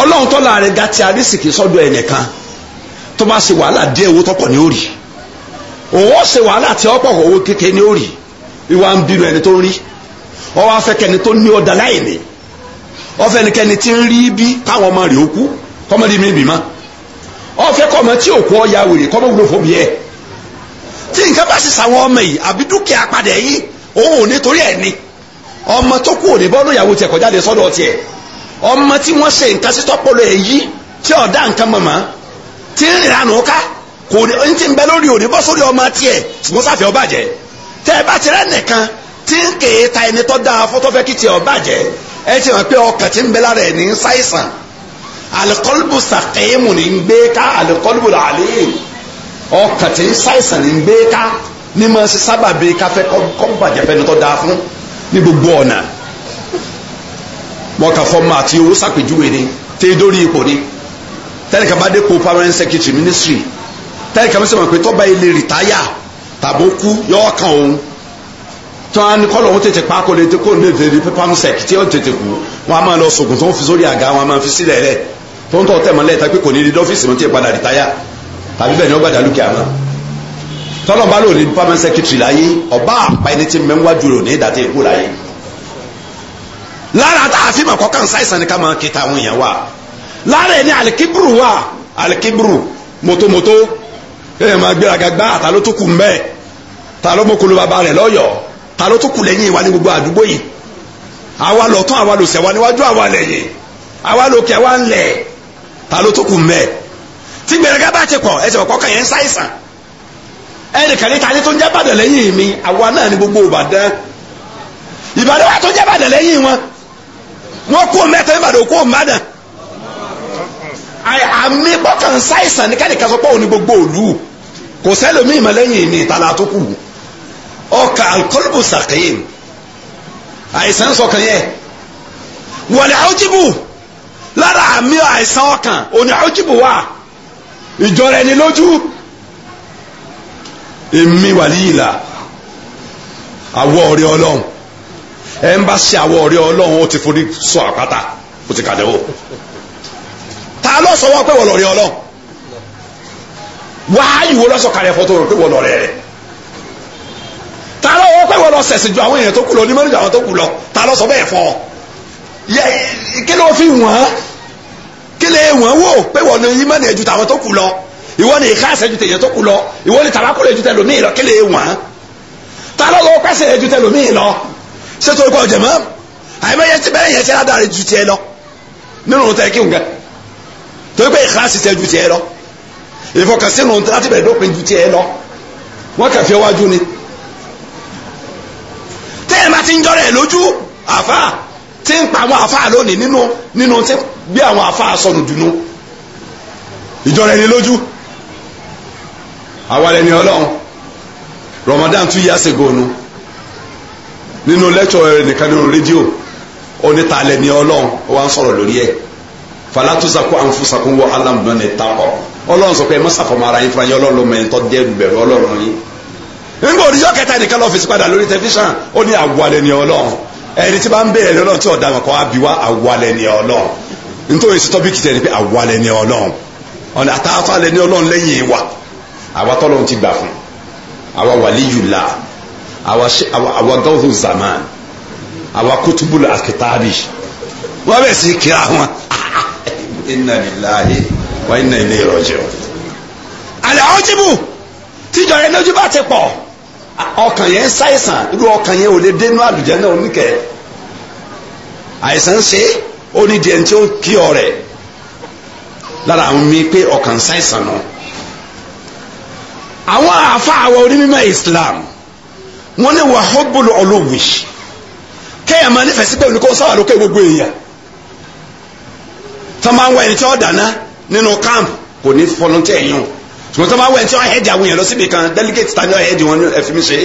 [SPEAKER 1] ọlọ́run tọ́lọ́ rẹ̀ ga ti arísìkì sọ́dọ̀ ẹ̀ nìkan tó bá ṣe wàhálà díẹ̀ owó tọ́pọ̀ ní òrì òun ó ṣe wàhálà tí ọ̀pọ̀ owó kékeré ní òrì ìwà ń bínú ẹni tó ń rí ọwọ́ afẹ́kẹ́ni tó ní ọ̀dà láì ọfẹ ẹnikẹ́ni ti ń rí bí káwọn ọmọ rẹ̀ ó kú mi bì má ọfẹ tí òkú ọ̀ya wèrè kọ́mọ wúlò fòbí ẹ tí nǹkan bá sì sàwọn ọmọ yìí àbí dúkìá padà yìí òun ò ní torí ọmọ tó kú òní bọ́ọ̀lù ìyàwó tiẹ̀ kọjá lè sọ́dọ̀ tiẹ̀ ọmọ tí wọ́n ṣe nǹkan ẹ̀ yí tí ọ̀dá nǹkan mọ̀mọ́ tí ń ti ọba tẹ́ ẹ bá ta ẹni da ẹ ti hàn pé ọkàn ti ń bẹ lára ẹ̀ ní ṣàìsàn alikọlubu sàkéemu ní ń gbé ká alikọlubu làálẹ̀ ọkàn ti ń ṣàìsàn ní ń gbé ká ní ma ṣe sábà bí káfẹ́ kọ́bàjẹ́ fẹ́ni tó dáa fún ní gbogbo ọ̀nà wọn kà fọmọ àti owó sàpèjúwe ni tẹ dórí ipò ni tẹnika bá dé po permanent secretary ministry tẹnika bí sọ ma pé tọ́ba ilé rìtáyà tàbó kú yọ ọkàn òun tán á ní kọ́ lọ́wọ́ tètè pa kó lè kó lè tètè pépà ń sẹ̀kì tí ó tètè kú wọn a máa lọ sògùn tó ń fi sórí àga wọn a máa fi sílẹ̀ rẹ̀ tó ń tọ́ tẹ̀ mọ́lẹ̀ tàbí kò ní rí dọ́fíìsì mọ́ tí ì padà rìtáyà tàbí bẹ́ẹ̀ ni ó gbàdá lùkìá náà tọ́lọ̀ bá lòdì department secretary láyé ọba àpá ẹni tí mẹ́ ń wájú rò ní ìdàtẹ́ ikú láyé lára tá a fi mọ̀ kọ́kàn sáìsàn ni ká máa kí táwọn èèyàn ta ló tún kù lẹ́yìn ìwà ní gbogbo àdúgbò yìí àwa lọ̀tún àwa lòsẹ̀ wa níwájú àwa lẹ́yìn àwa lòkè àwa ńlẹ̀ ta ló tún kù mẹ́ tí gbẹ̀rẹ̀gá bá ti pọ̀ ẹsẹ̀ ọ̀kọ́ kan yẹn ń ṣàìsàn ẹnìkan níta ní tó ń jẹ́ bàdàn lẹ́yìn mi àwa náà ní gbogbo ìbàdàn ìbàdàn wa tó jẹ́ bàdàn lẹ́yìn wọn wọn kú mẹ́ta ìbàdàn kú mẹ́ta àmì bọ́kàn ṣàìsàn ní kẹ́nìkan sọ pé òun ní gbogbo òlù kò sẹ́lómi ìmọ̀lẹ́yìn mi ìtàlá tó kù ọkà alukọlùbù sàkéyìn àìsàn sọkàn yẹ wọlé àwùjíbù lára àmì àìsàn ọkàn òní àwùjíbù wà ìjọra ẹni lójú èmi wàlíyìlá àwọ ọ̀rẹ́ Ọlọ́run ẹ ń bá ṣe àwọ ọ̀rẹ́ Ọlọ́run ó ti forí sọ àpáta ó ti kàdé o ta lọ sọ wọn pé wọlọrẹ Ọlọ́run wàá yìí wo lọsọ kàrẹ fọtò rẹ pé wọlọrẹ rẹ ta ló wọ́n pẹ́ wọ́n lọ sẹ̀sìn ju àwọn èèyàn tó kù lọ onímọ̀ ju àwọn tó kù lọ ta ló sọ bẹ́ẹ̀ fọ́ kí ló fi wọ́n kí lè wọ́n wò pé wọ́n ní ìmọ̀ ní ju tàwọn tó kù lọ ìwọ ni ìka ẹsẹ̀ ju tèèyàn tó kù lọ ìwọ ni tàbákù lè ju tẹlòmíì lọ kí lè wọ́n ta ló wọ́n pẹ́sẹ̀ lè ju tẹlòmíì lọ ṣé tó ikọ̀ jẹ̀mọ́ àìmọye ti bẹ́ẹ̀ yẹn ti ládàrí ju tiẹ̀ lọ nínú tẹ̀ kí nǹkan torí pé ìka ẹsẹ̀ ju tiẹ̀ lọ ìfọkànsínú láti bẹ̀rẹ̀ wọ́n kàn fi ọwájú ni ń jọrọ ẹ lójú àfa tí ń pa àwọn àfa lónìí nínú nínú tí bí àwọn àfa sọnù dùnú ìjọra ẹni lójú àwa lẹni Ọlọ́run Ramadan tún yá segonu nínú lẹ́tọ̀ nìkan nínú rédíò oníta lẹni Ọlọ́run ó wá ń sọ̀rọ̀ lórí ẹ̀ falatuzako anfusako wọ alamu náà ní takọ Ọlọ́run sọ pé ẹ má sàfọmọ ara yín fúnra yín Ọlọ́run ló mọ ẹni tó dẹrù bẹ̀rù Ọlọ́run yín nígbà oníjọ́ kẹta nìkan lọ́ọ́ fèsì padà lórí tẹlifíṣàn ó ní àwalẹ̀ ni ọlọ́run ẹni tí bá ń bẹ̀rẹ̀ lọ́nà tí ọ̀daràn kan á bí wá àwalẹ̀ ni ọlọ́run nítorí sí tọ́pìkì ni pé àwalẹ̀ ni ọlọ́run ọ̀nà àtàtàlẹ̀ ni ọlọ́run lẹ́yìn wa àwa tọ́lọ́run ti gbà fún àwa wàlíyùlá àwa gáwó zaman àwa kótóbùlù àkìtàbì wọ́n bẹ̀ sí kíra wọn inna lillahi wa inna ilayhi raji'un. àlẹ́ àwọn jìbù tíjọ yẹn lójú bá ti pọ̀ ọkàn yẹn ń ṣàìsàn irú ọkàn yẹn ò lè dénú àlùjẹ náà oníkẹ àìsàn ṣe ó ní diẹ tí ó kí ọ rẹ lára àwọn mi pé ọkàn ṣàìsàn nù. àwọn onímọ̀ Islam wọn ní wà hubbul ulwi kéèyàn máa nífẹ̀ẹ́ sí pé olùkọ́ sáwà lókè gbogbo èèyàn tó máa ń wá ẹni tí ó dáná nínú kò ṣùgbọ́n tó bá wẹ̀ tí wọ́n hẹ́ẹ̀dì àwọn èèyàn lọ síbi kan delegate tani wọ́n hẹ́ẹ̀dì wọn ẹ fi mí ṣe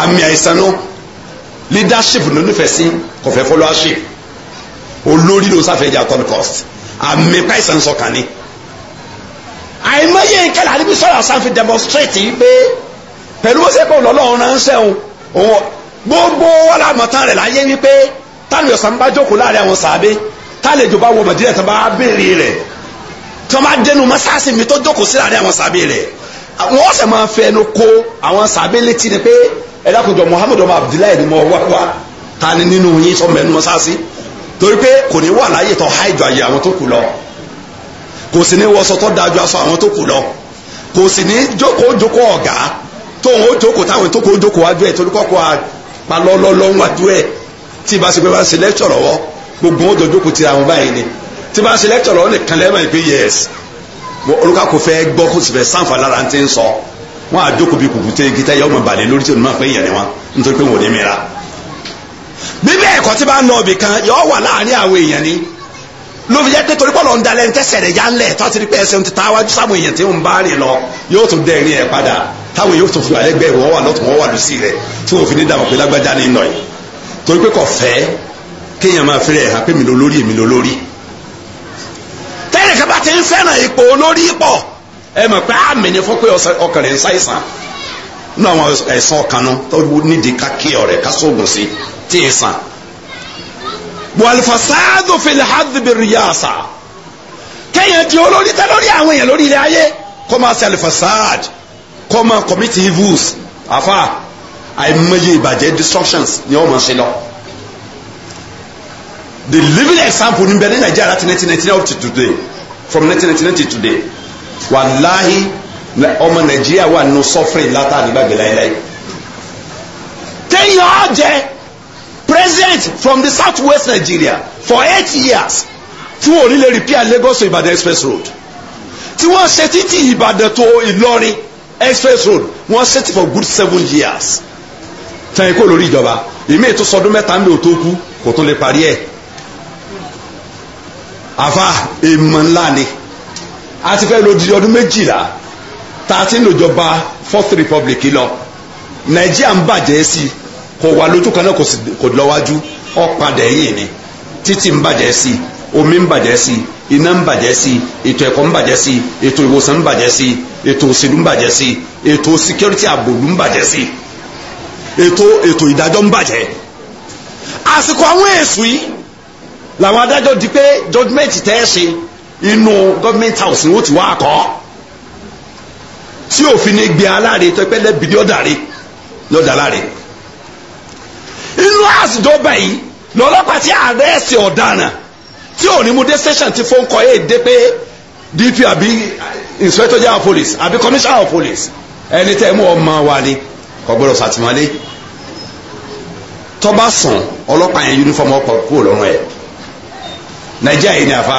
[SPEAKER 1] àmì àìsàn náà leadership ló nífẹ̀ẹ́ sí kò fẹ́ followership olórí ló sáfẹ́ jà third cost àmì pàìsàn sọ̀kan ni àìmọye ìkẹlẹ àdébí sọ̀rọ̀ àṣà fi demonstrate pé pẹ̀lú bó ṣe pé ọlọ́run ránṣẹ́ òun gbogbo wọn làmọ̀tán rẹ̀ láyé wípé táwọn ọ̀sán bá jókòó láàrin àwọn sàábé tálejò bá wọ mọ̀dílẹ̀ tó bá béèrè rẹ̀ tí wọ́n bá dẹnu mọ́sáàsì mi tó jókòó sí láàrin àwọn sàbẹ̀ rẹ̀ wọ́n sẹ̀ máa fẹ́ ẹnu kó àwọn sàbẹ̀ létí ni pé ẹ dákùnjọ Muhammadu Abdullahi ni mo wá wá ta ni nínú yín sọ mẹ́nu mọ́sáàsì torí pé kò ní wà láyè tó háìjọ ayé àwọn tó kù lọ kò sì ní wọṣọ tó dájú aṣọ àwọn tó kù lọ kò sì ní jókòó jókòó ọ̀gá tóun ó jókòó táwọn tó kó jókòó wájú ẹ̀ torí kọ́kọ́ àpalọ́lọ́lọ́ wájú ẹ̀ tí ìbáṣepẹ́ ni tí bá ń ṣe lẹ́tọ̀ lọ́wọ́ nìkan lẹ́mọ̀ yìí pé yẹs olùkà kò fẹ́ gbọ́ kò sì fẹ́ sáǹfà lára ti ń sọ wọn àjókòó bí kùkùté gita yẹ ọmọ balẹ̀ lórí tí onímọ̀ fẹ́ yẹ̀ ni wọn nítorí pé wọn ò ní mìíràn bíbẹ́ ẹ̀kọ́ tí bá ń lọ ibì kan yọ wà láàrin àwọn èèyàn ni ló fi jẹ́ pé torí pọ́lọ́ ń dalẹ̀ ń tẹ̀sẹ̀ rẹ̀ já ń lẹ̀ tó ti rí pé ẹsẹ̀ ń ti ta wájú sáwọn èèyàn tí ń bá rìn lọ yóò tún dẹ́ ìrìn ẹ̀ padà táwọn yóò tún fi wà lẹ́gbẹ̀ẹ́ wọ́n wà lọ́tún wọ́n wà lùsí rẹ̀ tí wọ́n fi ní dàmọ̀ pé lágbájá ní nọ̀ yìí torí pé kò fẹ́ kéèyàn máa fẹ́rẹ̀ hàn pé mi ló lórí èmi ló lórí ń fẹ́ràn ipò olórí pọ̀ ẹ mọ̀ pé àmì ni fún pé ọkàn rẹ̀ ń ṣàìsàn nínú àwọn ẹ̀sán ọkàn náà tó nídìí ká kí ọ̀rẹ́ ká sóògùn sí tí ì sàn. wàlfàsáàdù filhadbi riyasa kéèyàn di olórí tẹ lórí àwọn èèyàn lórí ilẹ̀ ayé kó máa ṣe alfasaad kó máa commit evils àfa àìmọye ìbàjẹ́ destructions ni wọ́n máa ṣe lọ the living example níbẹ̀ ní nàìjíríà láti nineteen ninety nine up to today from 1990 to today wàláhì ọmọ nàìjíríà wà nínú suffering látàrí gbàgbé láéláé téèyàn á jẹ president from the south west Nigeria for eight years tí wọn ò ní lè repair Lagos to Ibadan express road tí wọ́n ṣe títí Ìbàdàn tó Ìlọrin express road wọ́n ṣe ti for good seven years tẹ̀yìn kó lórí ìjọba ìmí ètò sọdún mẹ́ta ń bẹ òtó kú kò tó lè parí ẹ̀ àfa èèmọ̀ ńlá ni a ti fẹ́ lo ọdún méjìlá tá a ti ń lòjọba fourth republic lọ nàìjíríà ń bàjẹ́ sí kò wà lójú kan náà kò lọ́wájú ọ̀padà ẹ̀yìn ni títì ń bàjẹ́ sí omi ń bàjẹ́ sí iná ń bàjẹ́ sí ètò ẹ̀kọ́ ń bàjẹ́ sí ètò ìwòsàn ń bàjẹ́ sí ètò òṣèlú ń bàjẹ́ sí ètò security àbòlú ń bàjẹ́ sí ètò ètò ìdájọ́ ń bàjẹ́ àsìkò àwọn èsù yìí làwọn adájọ́ di pé judgement tẹ́ ẹ ṣe inú government house ni wọ́n ti wá kọ́ tí òfin ni gbé aláre tó pẹ́ lẹ́bi ní ọ̀dàre ní ọ̀dàláre inú àsìdọ́bà yìí lọ́lọ́pàá ti àrẹ́ẹ̀sì ọ̀daràn tí ò ní mú dé station ti fóun kọ́ ẹ̀ dé pé dp àbí inspector general of police àbí commissioner of police ẹni tẹ́ mú ọmọ wa ni kò gbọ́dọ̀ sàtìmọ́lé tọ́ba sàn ọlọ́pàá yẹn uniform ọkọ̀ kúrò lọ́rùn ẹ̀ nàìjíríà yìí ni àfa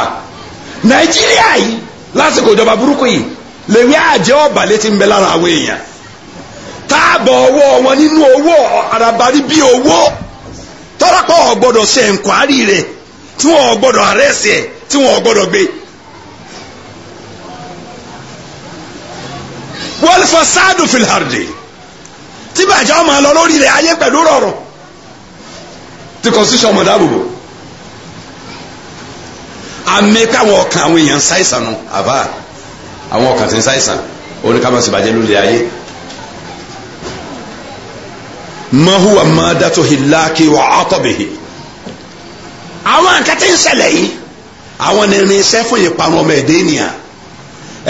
[SPEAKER 1] nàìjíríà yìí lásìkò ìjọba burúkú yìí lèmi àjẹ ọba létí ń bẹ lára àwọn èèyàn táàbọ̀ ọwọ́ wọn nínú owó àràbárí bíi owó tọ́lápọ̀ ọ̀gbọ́dọ̀ ṣe ẹ̀ǹkwárì rẹ̀ tí wọn ọ̀gbọ́dọ̀ àrẹ́sì ẹ̀ tí wọn ọ̀gbọ́dọ̀ gbé. wal fasadu fil ardi tí bàjẹ́ ọmọ lọ lórí rẹ̀ ayé pẹ̀lú rọrùn tí constitution mọ̀ dáàbò bò àmì káwọn ọkàn àwọn èèyàn ń ṣàìsàn nù àbá àwọn ọkàn ti ń ṣàìsàn oníkàmọ́sí bàjẹ́ ló lè ayé mahuwa madatu hilaki wa atabihi àwọn nǹkan tí ń ṣẹlẹ̀ yìí àwọn nìrin iṣẹ́ fún ìparun ọmọ ẹ̀dẹ́ ènìyàn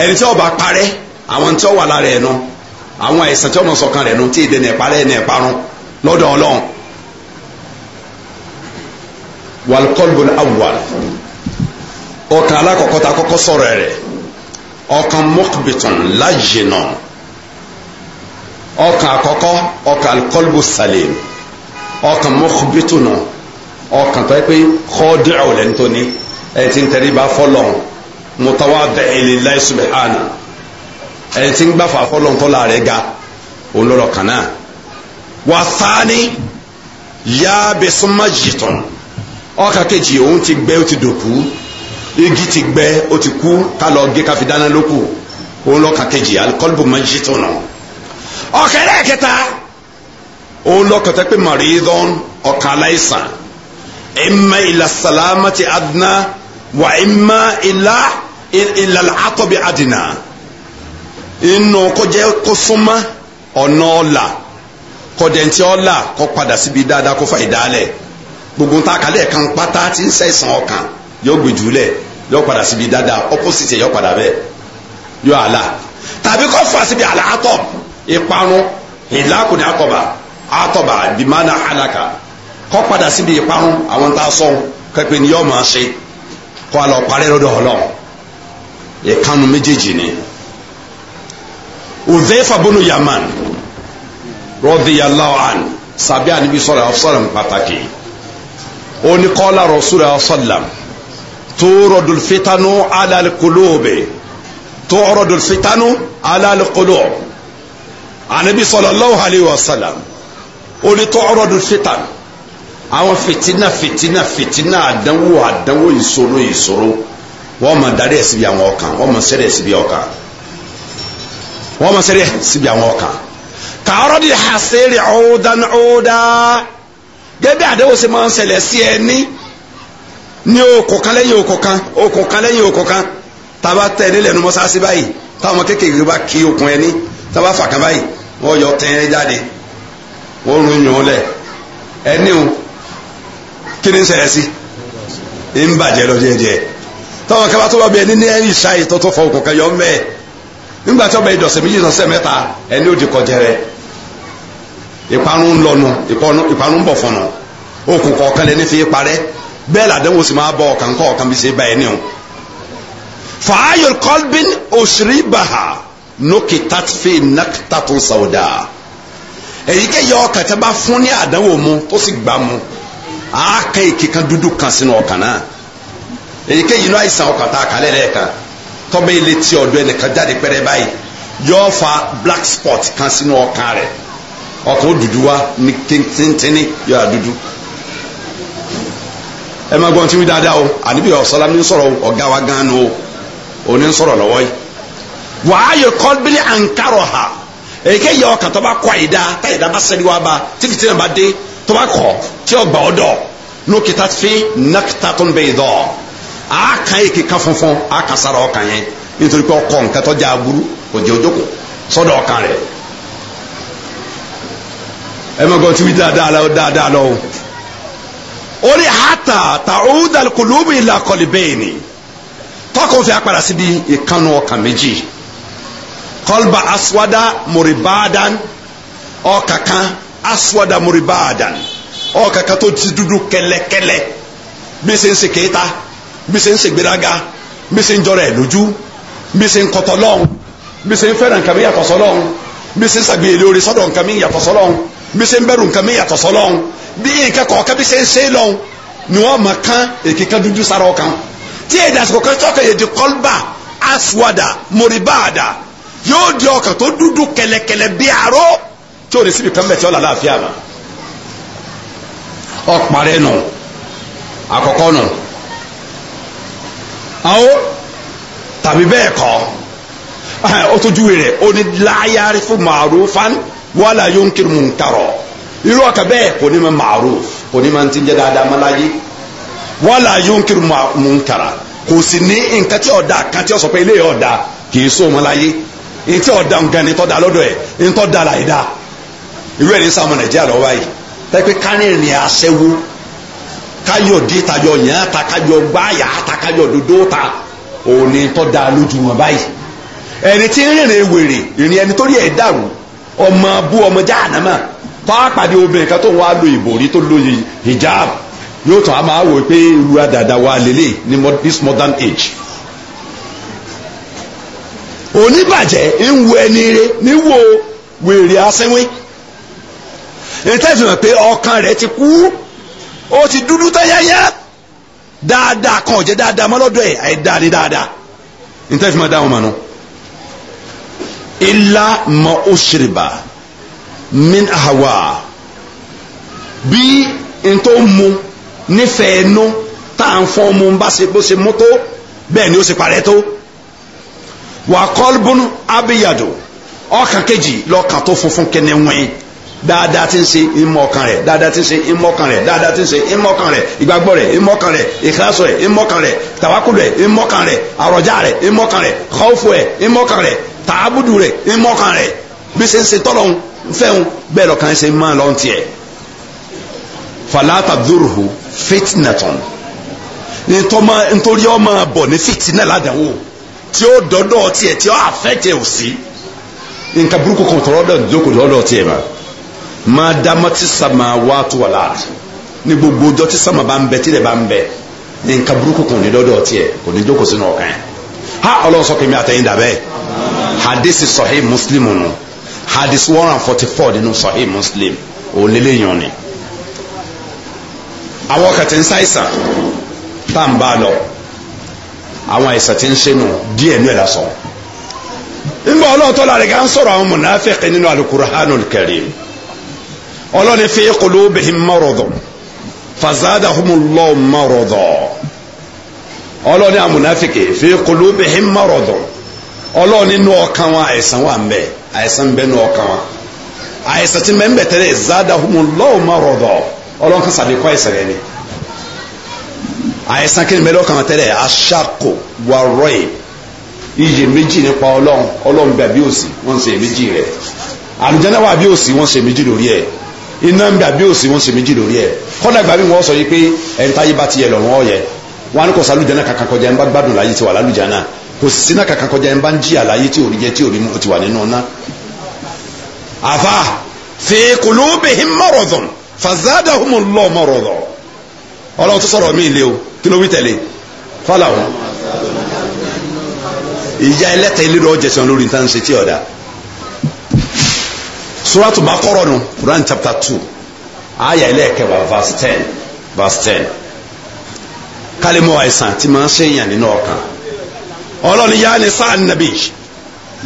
[SPEAKER 1] ẹni tí ó bá parẹ́ àwọn tí ó wà lára ẹ̀ nu àwọn àìsàn tí ó mọ̀ sọ̀kan rẹ̀ nu tí ìdẹ́nà ìparẹ́ ẹ̀nà ìparun lọ́dọ̀ ọlọ́run wal ọkàn alákọ̀ọ́kọ́ ta kọ́kọ́ sọ̀rọ̀ rẹ̀ ọkàn mọ́kùbìtàn láyìnà ọkàn àkọ́kọ́ ọkàn alikọ́lùbù salim ọkàn mọ́kùbìtàn ọkàn tó yẹ pé kọ́ọ́dì ọ̀lẹ́ nítorí ẹ̀ ti ń tẹ̀lé bá fọlọ́ mọ́tàwá bẹ́ẹ̀ lè láì subhana ẹ̀ ti ń gbàfà fọlọ́ ńtọ́lá rẹ̀ ga òun lọ́rọ̀ kan náà wà sáni yáa bẹ súnmọ́ ọkàn kejì òun ti gbẹ́ ó ti dòkú igi ti gbẹ ó ti kú ká lọ gé ká fi dáná lóko òun lọ kà kejì alikọlùbù máa ń ṣe tó nà ọ̀kẹ́lẹ́ kẹta òun lọ kọtẹ́ pé màrídọ́n ọ̀kà aláìsàn imma ila salamati adna wa imma ila ila atọ́bi adina inú kọjá kó súnmọ́ ọ̀nà ọ̀la kọ̀dẹ̀ntì ọ̀la kọ́ padà síbi dáadáa kó fà ìdálẹ̀ gbogbo ntàkàlẹ̀ kan pátá ti ń sẹ́sàn ọkàn yóò gbé jùlẹ̀ yóò padà síbi dáadáa opposite yóò padà bẹ́ẹ̀ yóò àlà tàbí kó fà síbi àlà àtọ̀ ìparun ìlàkùn ní àkọ́bà àtọ̀bà bimana alaka kó padà síbi ìparun àwọn tá a sọ kẹ́pẹ́ ni yóò máa ṣe kó a lọ parẹ́ lọ́dọ̀ ọlọ́run ìkanu méjèèjì ni Uzaifa bunu Yaman radiyallahu an sàbí àníbi sọ̀rọ̀ ọ̀sọ̀rọ̀ pàtàkì ó ní kọ́lá rọ̀ sùrọ̀ ọ̀sọ̀làm turadul fitanu ala al-qulubi turadul fitanu ala al-qulubi anabi sallallahu alayhi wa sallam ó ní turadul fitanu àwọn fìtínà fìtínà fìtínà àdánwò àdánwò ìṣòro ìṣòro wọ́n máa darí ẹ̀ síbi àwọn ọkàn wọ́n máa sẹ́rẹ̀ síbi ọkàn wọ́n máa sẹ́rẹ̀ síbi àwọn ọkàn kàárọ̀ di haseri ọ̀dàn ọ̀dà gẹ́gẹ́ bí àdánwò ṣe máa ń ṣẹlẹ̀ sí ẹni ní okùn kan lẹ́yìn okùn kan lẹ́yìn taba tẹ báyìí táwọn ọmọ kékeré bá kí okùn ẹni taba fà báyìí wọ́n yọ tẹ́ẹ́rẹ́ jáde wọ́n rún yàn lẹ̀ ẹni o kí ni ń sí i ń bàjẹ́ lọ táwọn kaba tó bá bẹ ẹni ní ìṣá yìí tó tó fọ yọ mẹ́ẹ̀ nígbà bẹ́ẹ̀ làdánwò sì máa bọ ọ̀kan kọ́ ọ̀kan bí ṣe bá ẹni o. fàáyò kọ́lbin òṣèré bàhà nókè tàtìfé nàkìtàtò sàwùdà èyíkéyìí ọkàn tẹ́ bá fún ní àdánwò mu tó sì gbà mu àákẹ́ ìkíkan dúdú kan sínú ọkàn náà èyíkéyìí inú àìsàn ọkàn tá a kálẹ̀ lẹ́ẹ̀kan tọ́bẹ̀ ilé tí ọ̀dọ̀ ẹnìkan jáde pẹ́rẹ́ báyìí yóò fa black spot kan sínú ọkàn rẹ̀ ọkàn ó dúdú wá ní tíntínní yóò dúdú ẹ máa gbọ́n tí wí dáadáa o àníbi ọ̀sọ́lá mi ń sọ̀rọ̀ ọ̀gá wa gan ni o ò ní sọ̀rọ̀ lọ́wọ́ yìí. wàáyé kọ́lbílì àǹkárọ̀ ha èyíkéyìí ọkàn tó bá kọ àyídá táyìdá bá sẹ́ni wá bá tí fìtí náà bá dé tó bá kọ̀ tí ọgbà ọ̀dọ̀ nókìtà fi nàkìtà tó ń bẹ ìdọ̀ àákan èké ká funfun àkàsára ọkàn yẹn nítorí pé ọkọ nǹkan tó jẹ aburú kò jẹ ojókòó sọ́dọ̀ ọkàn rẹ̀ ẹ mọ̀ gbọ́n tí wí dáadáa lọ dáadáa lọ o ó ní hata ta'uda kulubu ila qalbayni tọkàn fi apàdà síbi ìkànnù ọkàn méjì qalba aswada muribadan ọkàn kan aswada muribadan ọkàn kan tó ti dúdú kẹlẹkẹlẹ bí ṣe ń ṣe kéta bí ṣe ń ṣe gbéraga bí ṣe ń jọrọ ẹ lójú bí ṣe ń kọtọ lọ́hùn bí ṣe ń fẹ́ràn nǹkan mi yàtọ̀ bí ṣe ń ṣàgbéyẹlé orí sọ́dọ̀ nǹkan mi yàtọ̀ bí ṣe ń bẹ̀rù nǹkan mi yàtọ̀ sọlọ́hún bí nǹkan kọ̀ọ̀kan bí ṣe ń ṣe lọ́hún ni wọ́n mọ̀ kán èké kan dúdú sára ọkàn tí èdè àsìkò kan tọ́ka èdè kọ́lbà aswada moribada yóò di ọkàn tó dúdú kẹlẹkẹlẹ bí aró tí ò ní síbi kan bẹ̀ tí ó lálàáfíà mọ́ ọ̀parẹ́ nù àkọ́kọ́ nù àwọn tàbí bẹ́ẹ̀ kọ́ ó tójú rẹ̀ ó ní láyárí fún màrúfán wala yunkir munkaro irú ọkà bẹ́ẹ̀ kò ní ma ma'ruf kò ní ma ti jẹ́ dáadáa mọ́láyé wala yunkir munkara kò sì ní nǹkan tí ọ̀dà kan tí ó sọ pé ilé ọ̀dà kì í sọ mọ́láyé ntí ọ̀dà nǹkan ni tọ́da lọ́dọ̀ ẹ̀ ntọ́ da là ìdá irú ẹ̀ ní sàmù nàìjíríà lọ́wọ́ yìí pẹ́pẹ́ kárìnrìn aṣẹ́wó káyọ̀ dé tayọ̀ yẹn ta káyọ̀ gbáyà ta káyọ̀ dodo ta òní tọ́da lójú wọn báyìí ẹni tí ń rìnrìn wèrè ìrìn ẹni tó rí ẹ̀ dàrú ọmọ bú ọmọ jáànámà tó a pàdé obìnrin kan tó ń wá lo ìbòrí tó lo hijab yóò tún a máa wò pé irú àdàdà wa lélẹ̀ ní this modern age oníbàjẹ́ ń wo ẹni rẹ níwò wèrè asẹ́wé ìtẹ́sùn hàn pé ọkàn rẹ̀ ti kú ó ti dúdú tẹ́yẹ́yẹ́ dáadáa kan ò jẹ́ dáadáa mọ́ lọ́dọ̀ ẹ̀ àìdáa ni dáadáa ìtẹ́sùn hàn dáhùn mọ́ náà illa ma ushriba min hawa bí n tó mu nífẹ̀ẹ́ nu tá à ń fọ́ mu bá ṣe bó ṣe mú tó bẹ́ẹ̀ ni ó ṣe parẹ́ tó wà kọ́lbùn abiyadu ọkàn kejì lọ́kàn tó funfun kẹ́ni wẹ́n dáadáa ti ń ṣe ìmọ̀ọ̀kan rẹ̀ dáadáa ti ń ṣe ìmọ̀ọ̀kan rẹ̀ dáadáa ti ń ṣe ìmọ̀ọ̀kan rẹ̀ ìgbàgbọ́ rẹ̀ ìmọ̀ọ̀kan rẹ̀ ìkíláṣọ rẹ̀ ìmọ̀ọ̀kan rẹ̀ tàwákùlù rẹ̀ ìmọ̀ọ̀kan rẹ̀ àròjá rẹ̀ ìmọ̀ọ̀kan rẹ̀ kọ́ọ̀fù rẹ̀ ìmọ̀ọ̀kan rẹ̀ tààbùdù rẹ̀ ìmọ̀kan rẹ̀ bí ṣe ń ṣe tọ́lọ̀ ń fẹ́hun bẹ́ẹ̀ lọ́kàn ṣe máa lọ́n tiẹ̀ falata duruhu fitnaton nítorí ọmọ bọ̀ ní fitina ládàáwò tí ó dọ́dọ̀ tiẹ̀ tí ó àfẹ́tẹ̀ ò sí nǹkan burúkú kan tọ̀rọ̀ dọ̀ jókòó lọ́dọ̀ tiẹ̀ ma máa dá mọ́tí sàmà wá tó wà láàrin ní gbogbo ọjọ́ tí sàmà bá ń bẹ tílẹ̀ bá ń bẹ nǹkan burúkú kan ní lọ́dọ̀ tiẹ̀ kò ní jókòó sínú ọkàn yẹn ha ọlọ́run sọ kí mi àtẹ̀yìn dàbẹ́ hadisi sahih muslim nù hadisi one hundred and forty four nínú sahih muslim ò lélẹ̀ yàn ni. àwọn kàtí ń ṣàìsàn tá n bá lọ àwọn àìsàn tí ń ṣe nù díẹ̀ nù ẹ̀ lásán nígbà ọlọ́ọ̀tọ́ la rẹ̀ gá ń sọ̀rọ̀ àwọn mùnàfẹ́kẹ́ nínú alukur'anul karim ọlọ́ni fi qulubihim maradun fazadahumullahu maradun ọlọ́ni àwọn mùnàfẹ́kẹ́ fi qulubihim maradun ọlọ́run nínú ọkàn wọn àìsàn wà ń bẹ àìsàn ń bẹ nínú ọkàn wọn àìsàn tí mẹ́ńbẹ̀ tẹ́lẹ̀ zadahumullahu marada ọlọ́run kan sàdékọ́ àìsàn rẹ ni àìsàn kí ni mẹ́lẹ́ ọkàn wọn tẹ́lẹ̀ aṣáko wàrọ́ì iye méjì nípa ọlọ́run ọlọ́run bẹ àbí òsì wọ́n ń ṣe méjì rẹ̀ àlùjáná wà àbí òsì wọ́n ń ṣe méjì lórí ẹ̀ iná ń bẹ àbí òsì wọ́n ń ṣe méjì lórí ẹ̀ kọ́dà gbàgbé wọn sọ yìí pé ẹ̀ńtáyé bá ti yẹ lọ́wọ́ yẹ wọn á ní kò sálùjáná kankan kọjá ẹ̀ ń bá gbádùn láyé ti wà lálùjáná kò sì sínú kankan kọjá ẹ̀ ń bá ń jí àlàyé tí ò ní jẹ tí ò ní mu ó ti wà nínú ọ̀nà. àfa fi kulubihim maradun fazadahumullahu marada ọlọ́run tó sọ̀rọ̀ mí ilé o kí ló wí tẹ̀lé fọláwọn. ìyá ẹlẹ́tẹ̀ ilé lọ́ọ́ jẹ̀sán lórí nǹkan ṣe tí ọ̀dà. suratu Baqara nù Quran chapter two aya ẹlẹ́ẹ̀kẹwàá verse ten verse ten kálí mọ́ àìsàn tí máa ń ṣèyàn ọlọ́ni yá ni sáà nàbí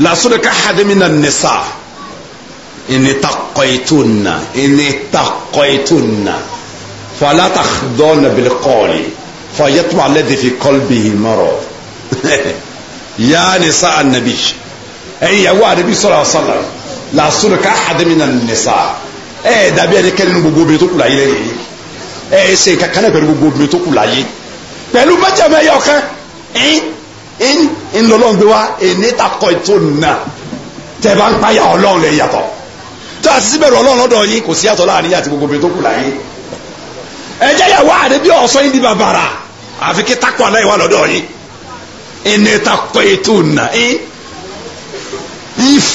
[SPEAKER 1] làásùrù ká hadimina nìsà ìní takọ̀ ètò nà ìní takọ̀ ètò nà fàlàtà dọ́nà bìlì kọ́ọ̀lì fàyẹ́tù alẹ́dẹ̀ fi kọ́lbì mọ́rọ̀ yá ni sáà nàbí ẹ̀yin yà wá àdébí sọ̀rọ̀ sọ̀rọ̀ làásùrù ká hadimina nìsà ẹ̀ dàbí ẹni kẹ́ni gbogbo obìnrin tó kù láyé lẹ́yìn ẹ̀ ṣe nǹkan kan gbogbo obìnrin tó kù láyé pẹ̀lú májàmẹ́yọ̀ kan ẹ̀yìn ńlọlọ́run gbé wá èní takọ ètò nà tẹ bá ń payà ọlọ́run lẹ yàtọ̀ tó a sísí bẹ̀rù ọlọ́run lọ́dọ̀ yín kò sí yàtọ̀ láàrin yàtí gbogbo obìnrin tó kù láyé ẹjẹ yà wá àdébí ọ̀sán yín di bàbàrà àfi kí takọ aláìwá lọ́dọ̀ yín èní takọ ètò nà if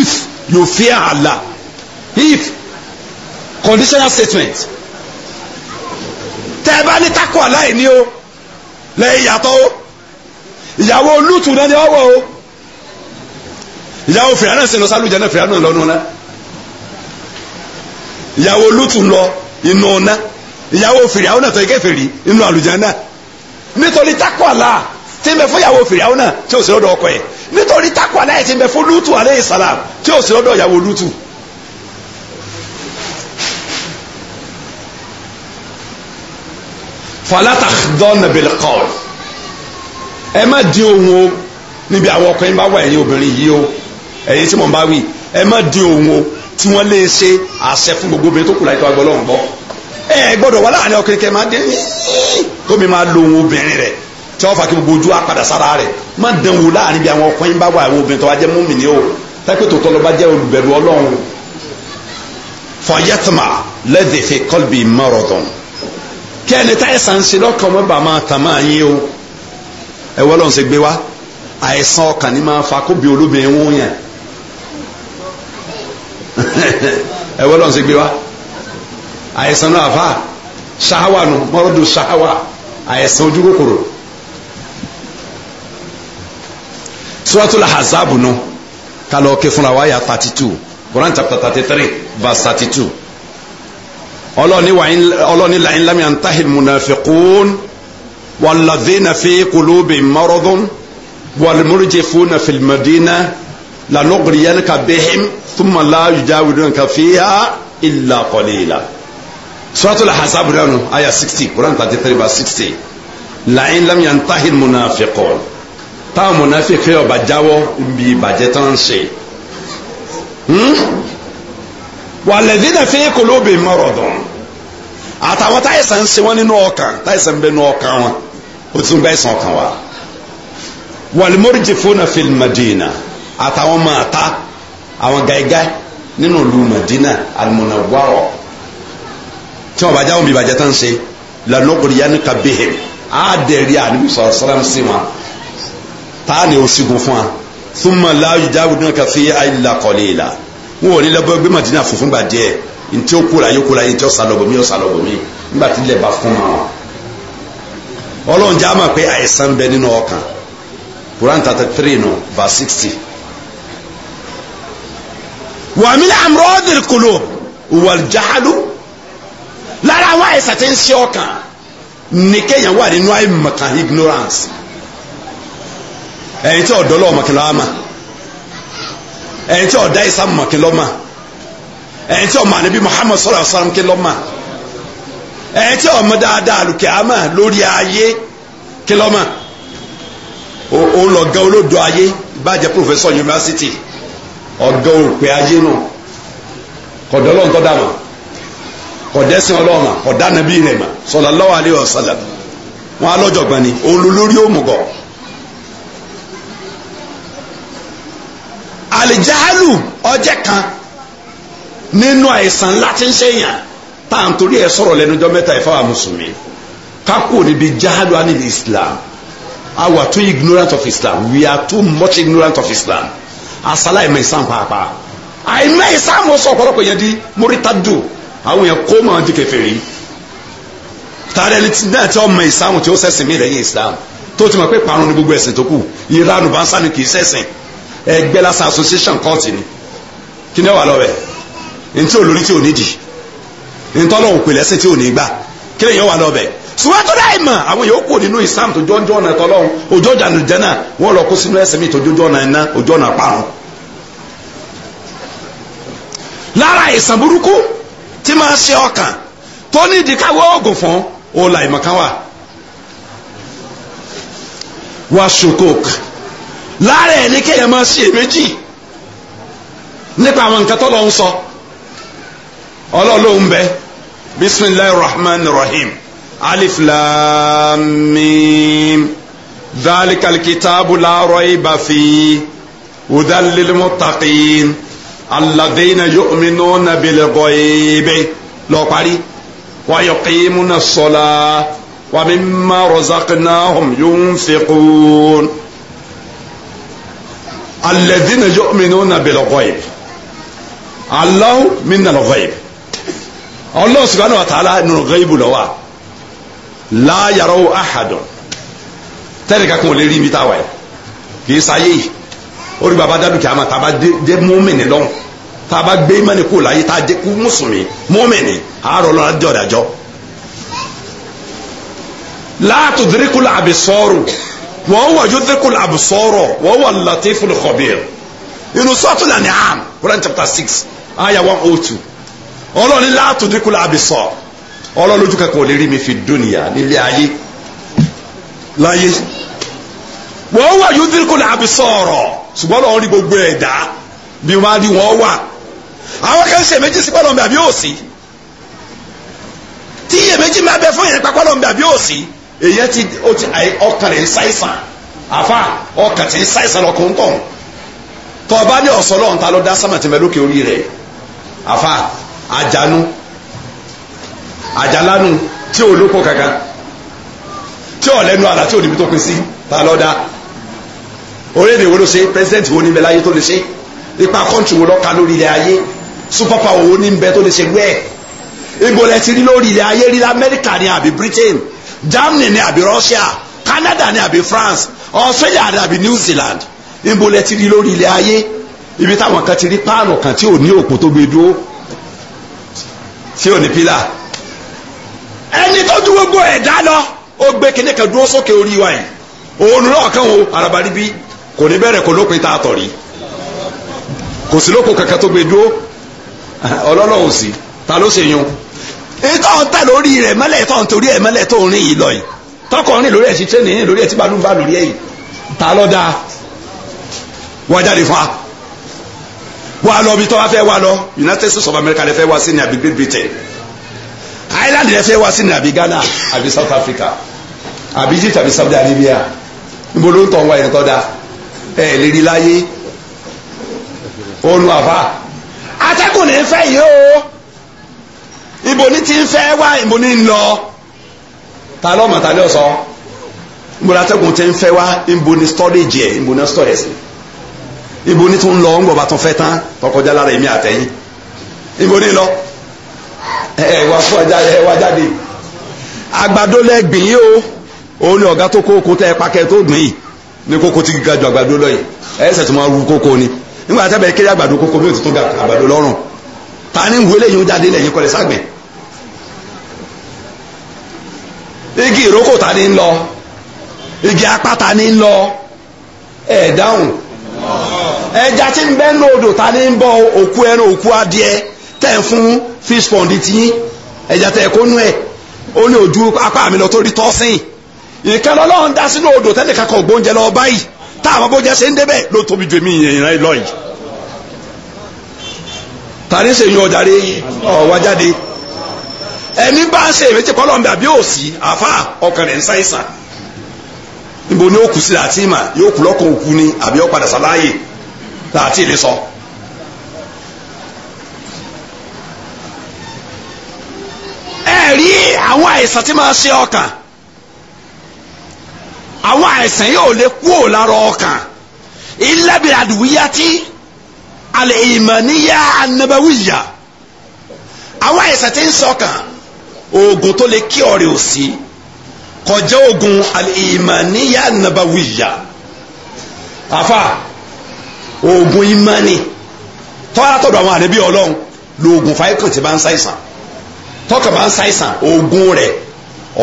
[SPEAKER 1] if you fear Allah if conditional statement tẹ bá ní takọ aláìní o lẹ yàtọ̀ o ìyàwó lutu náà ni ọwọ́ o ìyàwó fìrà náà sì lọ sálùjẹ náà fìrà náà lọ́nu náà ìyàwó lútù lọ inú ọ̀nà ìyàwó fìrà náà tó ike fèrè inú àlùjẹ náà nítorí takwala tí ń bẹ fún ìyàwó fìrà náà tí ò sí lọ́dọ̀ ọkọ yẹn nítorí takwala yẹn tí ń fún lútù aleyhi salam tí ò sí lọ́dọ̀ ìyàwó lútù. falatakhdọ́nà bil qawl ẹ má dín ohun o níbi àwọn ọkùnrin bá wà ẹ̀yin obìnrin yìí o ẹ̀yin tí mò ń bá wí ẹ má dín ohun o tí wọ́n lè ṣe àṣẹ fún gbogbo obìnrin tó kù láì tó agbọ́ lọ́hùn gbọ́ ẹ gbọ́dọ̀ wà láàrin ọkùnrin kẹ máa dín tómi máa lo ohun obìnrin rẹ̀ tí wọ́n fà kí gbogbo ojú apàdà sára rẹ̀ má dán wò láàrin bí àwọn ọkùnrin bá wà àwọn obìnrin tó wá jẹ́ múmìnì o tẹ́pẹ́ tó tọ́lọ́ bá jẹ́ olùbẹ̀rù ọlọ́run fọyẹ́tìmá lẹ́dẹ̀ẹ́fẹ́ kọ́lbì mọ́rọ̀dọ̀n kí ẹ wọ́n lọ́n ṣe gbé wá àìsàn ọkàn ni máa fa kó bí olóbìnrin wọ́n yàn ẹ wọ́n lọ́n ṣe gbé wá àìsàn náà fà ṣáwà nù mọ́rọ́dù ṣáwà àìsàn ojú kòkòrò suratul hazabu nù ká lọ ké fúnra wáyà thirty two Quran chapter thirty three verse thirty two ọlọ́ọ̀ni làyín lámìyàn táhìl munafiqun. والذين في قلوبهم مرض والمرجفون في المدينة لنغرينك بهم ثم لا يجاورونك فيها إلا قليلا سورة الأحزاب آية 60 قرآن 33 60 لئن لم ينتهي المنافقون táwọn mọ̀nàfíkẹ́ ọba jáwọ́ ibi ìbàjẹ́ tán ń ṣe wàlẹ́dí náà fi kò lóbi mọ̀rọ̀dùn àtàwọn táyẹ̀sán ń ṣe wọ́n nínú ọkàn táyẹ̀sán ń bẹ nínú ọkàn wọn ó tún bẹ́ẹ̀ sàn kàn wá wàlúmọ́rìjìfónà fil Madina àtàwọn máa ta àwọn gaigai nínú ìlú Madina al-Munawwara tí wọn bá jáwọn bí ìbàjẹ́ tán ṣe lanogori yanni ka bihim á dẹ̀rí àníbi sọ̀rọ̀ sọ́rọ̀ sí wọn tá a ní o sigun fún wa thumma la yujawirunaka fiha illa qalila n ò ní lọ́bọ̀ gbé Madina funfun gbà díẹ̀ ntí ó kúra yóò kúra yìí ntí ó sálọ̀bọ̀ mi ó sálọ̀bọ̀ mi nígbà tí ilẹ̀ bá fún wa ọlọ́run já mọ̀ pé àìsàn bẹ nínú ọkàn Quran thirty three no verse sixty. wàmílẹ̀ amúrọ́dìrì kùlù wàlìjáàlú lára àwọn àìsàn tí ń ṣe ọkàn ní kéèyàn wà nínú àìmọ̀kan ignorance ẹ̀yin tí ọ̀dọ́ lọ́wọ́ mọ̀kìlọ́ àmà ẹ̀yin tí ọ̀dá ìsàmù mọ̀kìlọ́ mà ẹ̀yin tí ọ̀mọ̀ àníbí Muhammad sallallahu alaihi wasallam kìlọ́ ẹ tí ọmọ dáadáa lùkẹ́ àmà lórí ayé kí lọ́mọ òun lọ̀gá olódò ayé ìbàjẹ́ professor yunifásitì ọ̀gá òpè ayé nù kọ̀dọ̀ ọlọ́run tó dà mọ́ kọ̀dẹ́ sin ọlọ́run mọ́ kọ̀dá nàbí rẹ̀ mọ́ sallallahu alaihi wasallam wọn alọ́jọ̀gbọ́n ni òun lórí òmùgọ̀ àlìjáàlù ọjẹ́ kan nínú àìsàn láti ń ṣèyàn tá à ń torí ẹ sọ̀rọ̀ lẹ́nujọ́ mẹ́ta ìfáwà mùsùlùmí kákò níbi jahalu anil islam we too ignorant of islam we are too much ignorant of islam asala ìmọ̀ islam pàápàá àìmọ̀ islam ó sọ ọ̀pọ̀lọpọ̀ yẹn di moritadu àwọn yẹn kó mọ̀ di kèfèrí tààrẹ náà tí ọmọ islam tí ó ṣẹ̀sìn mí lẹ́yìn islam tó ti mọ̀ pé parun ni gbogbo ẹ̀sìn tó kù ìranù bá ń sá ni kì í ṣẹ̀sìn ẹgbẹ́ lásán association court ni kí ni ẹ wà lọ́wẹ̀ ntí olórí tí ò nídìí ntọ́lọ́hún pè lẹ́sìn tí ò ní gbà kí lèyìn wà lọ́bẹ̀ sùwọ́tò dá ìmọ̀ àwọn yòó kò nínú Islam tó jọjọ́ ọ̀nà tọ́lọ́hún òjò ọ̀nà àlùjànnà wọ́n lọ kó sínú ẹ̀sìn mi tó jọjọ́ ọ̀nà iná òjò ọ̀nà parun. lára ìsàn burúkú tí máa ṣe ọkàn tó ní ìdíkàwé oògùn fún ọ̀la ìmọ̀kánwà wá ṣokòk lára ẹ̀ kéèyàn máa ṣe èméjì nípa àwọn nǹkan tọ́lọ́hún sọ ọlọ́ọ̀lọ́hún بسم الله الرحمن الرحيم ألف لام ميم ذلك الكتاب لا ريب فيه هدى للمتقين الذين يؤمنون بالغيب لو قري ويقيمون الصلاة ومما رزقناهم ينفقون الذين يؤمنون بالغيب الله من الغيب Allah subhanahu wa ta'ala nínú ghaibu ló wà la yarahu ahadun tẹ́nìkan kan ò lè rí ibi táwa yìí kì í sáyé yìí ó rí baba dádùn kí a máa tá a bá dé mọ́mìnì lọ́hùn tá a bá gbé mọ́ni kó láyé tá a jẹ́ kú mùsùlùmí mọ́mìnì àárọ̀ lọ́la jẹ́ ọ̀dàjọ́ la tudrikul absaru wa huwa yudrikul absara wa huwa al-latiful khabir inú suratul an'am Quran chapter six ayah one oh two ọlọ́run ní láàtò dínkù láàbì sọ ọlọ́run lójú kankan ò lè rí mi fi dúnìyà nílé ayé láyé wọ́n wà yóò dínkù láàbì sọ̀rọ̀ ṣùgbọ́n ọlọ́run rí gbogbo ẹ̀dá bí wọ́n á rí wọ́n wà àwọn kan ṣe méjì sí pọ́lọ́mù àbí òsì tí iye méjì máa bẹ fún yẹn pa pọ́lọ́mù àbí òsì èyẹ ti ọkàn rẹ̀ ń ṣàìsàn àfa ọkàn ti ń ṣàìsàn lọkùnkùn tọ́ba ní ọ̀sán lọ́run ta ló dá sámà mẹ́lókè orí rẹ̀ àfa àjànú àjàlánu tí ò lóko kankan tí ò lẹ́nu àlà tí ò níbi tó pin sí ta ló dá orílẹ̀-èdè wo ló ṣe president wo ní bẹ láyé tó lè ṣe ipa kọ́ńtù wo lọ́ka lórí ilẹ̀ ayé super power wo ní bẹ tó lè ṣe wẹ́ẹ̀ ibo lẹ ti rí lórí ilẹ̀ ayé rí lamẹ́ríkà ni àbí britain germany ni àbí russia canada ni àbí france australia ni àbí new zealand ibo lẹ ti rí lórí ilẹ̀ ayé ibi táwọn kan ti rí páànù kan tí ò ní òpó tó gbé dúró tí ò ní pílà ẹni tó ju gbogbo ẹ̀dá lọ ó gbé kinní kan dúró sókè orí wa yìí òun náà kàn ó arabali bí kò ní bẹ̀rẹ̀ kò lópin tá a tọ̀ rí kò sí lóko kankan tó gbé dúró ọlọ́lọ́ ò sí ta ló ṣe yun ìtọ́ ń tà lórí rẹ̀ mẹ́lẹ̀ tó ń torí ẹ̀ mẹ́lẹ̀ tó ń rìn yìí lọ yìí tọkọ rìn lórí ẹ̀ sí tẹ́ni lórí ẹ̀ tí balùwẹ̀ bá lórí ẹ̀ yìí ta ló dáa wọ́n jáde fún wa wà lọ bí tọ́ba fẹ́ wà lọ United States of America lè fẹ́ wá sí ni àbí Great Britain Ireland lè fẹ́ wá sí ni àbí Ghana àbí South Africa àbí Egypt àbí Saudi Arabia níbo ló ń tọ̀ wá ẹ̀kọ́ da ẹ̀ lè rí láyé òun àfa atẹ́kùn ní fẹ́ yìí o ibo ní ti ń fẹ́ wá ibo ní ń lọ ta lọ́mọ ta ló sọ ni atẹ́kùn ti ń fẹ́ wá ibo ní storage yẹ ibo ní storage yẹ ibo ní tún lọ ń gbọ̀bà tún fẹ́ tán tọkọjá lára èmi àtẹ̀yìn ibo ní lọ ẹ wá fún ọjà ẹ wá jáde àgbàdo lẹ gbìn yìí o òun ni ọ̀gá tó kó oko tẹ ẹ pakẹ́ tó gbìn yìí ní kókó ti ga ju àgbàdo lọ yìí ẹsẹ̀ tó máa ru ni nígbà tí a bẹ̀ kéré àgbàdo kókó bí o ti tún ga àgbàdo lọ́rùn ta ni wúlé yìí ó jáde lẹ́yìn kọ́lẹ̀ ságbẹ̀ igi ìrókò ta ni igi apá ta ni ń lọ dáhùn ẹja tí ń bẹ́ ní odò ta ní ń bọ òkú ẹran òkú adìẹ fún fish pond tí ẹja tẹ̀ kó nú ẹ̀ ó ní ojú apá mi lọ tó rí tọ́sìn ìkan lọ́lọ́run dá sínú odò tẹ́lẹ̀ kakọ̀ gbóúnjẹ lọ báyìí táwọn bóúnjẹ ṣe ń débẹ̀ ló tóbi ju èmi ìyẹn lọ yìí tani ṣe yan ọjà rẹ jáde ẹni bá ń ṣe ìrètí kọ́lọ́ọ̀mù àbí òsì àfa ọkàn rẹ̀ ń níbo ni ó kù sí láti mà yóò kù lọ́kàn òkú ni àbí ó padà sáláyè láti lè sọ. ẹ rí àwọn àìsàn tí máa ṣe ọkàn àwọn àìsàn yóò lè kúò lára ọkàn illa bil adwiyati al-imaniya àwọn àìsàn tí ń sọkàn oògùn tó lè kí ọ̀rẹ́ ò kọjá ogun alìmọ̀níyà nàbàwìyà àfà ogun ìmọ̀ni tọ́lá tọ̀dọ̀ àwọn ànábì ọlọ́run lóògùn fáyọkàn tí bá ń ṣàìsàn tọ́kà bá ń ṣàìsàn ogun rẹ̀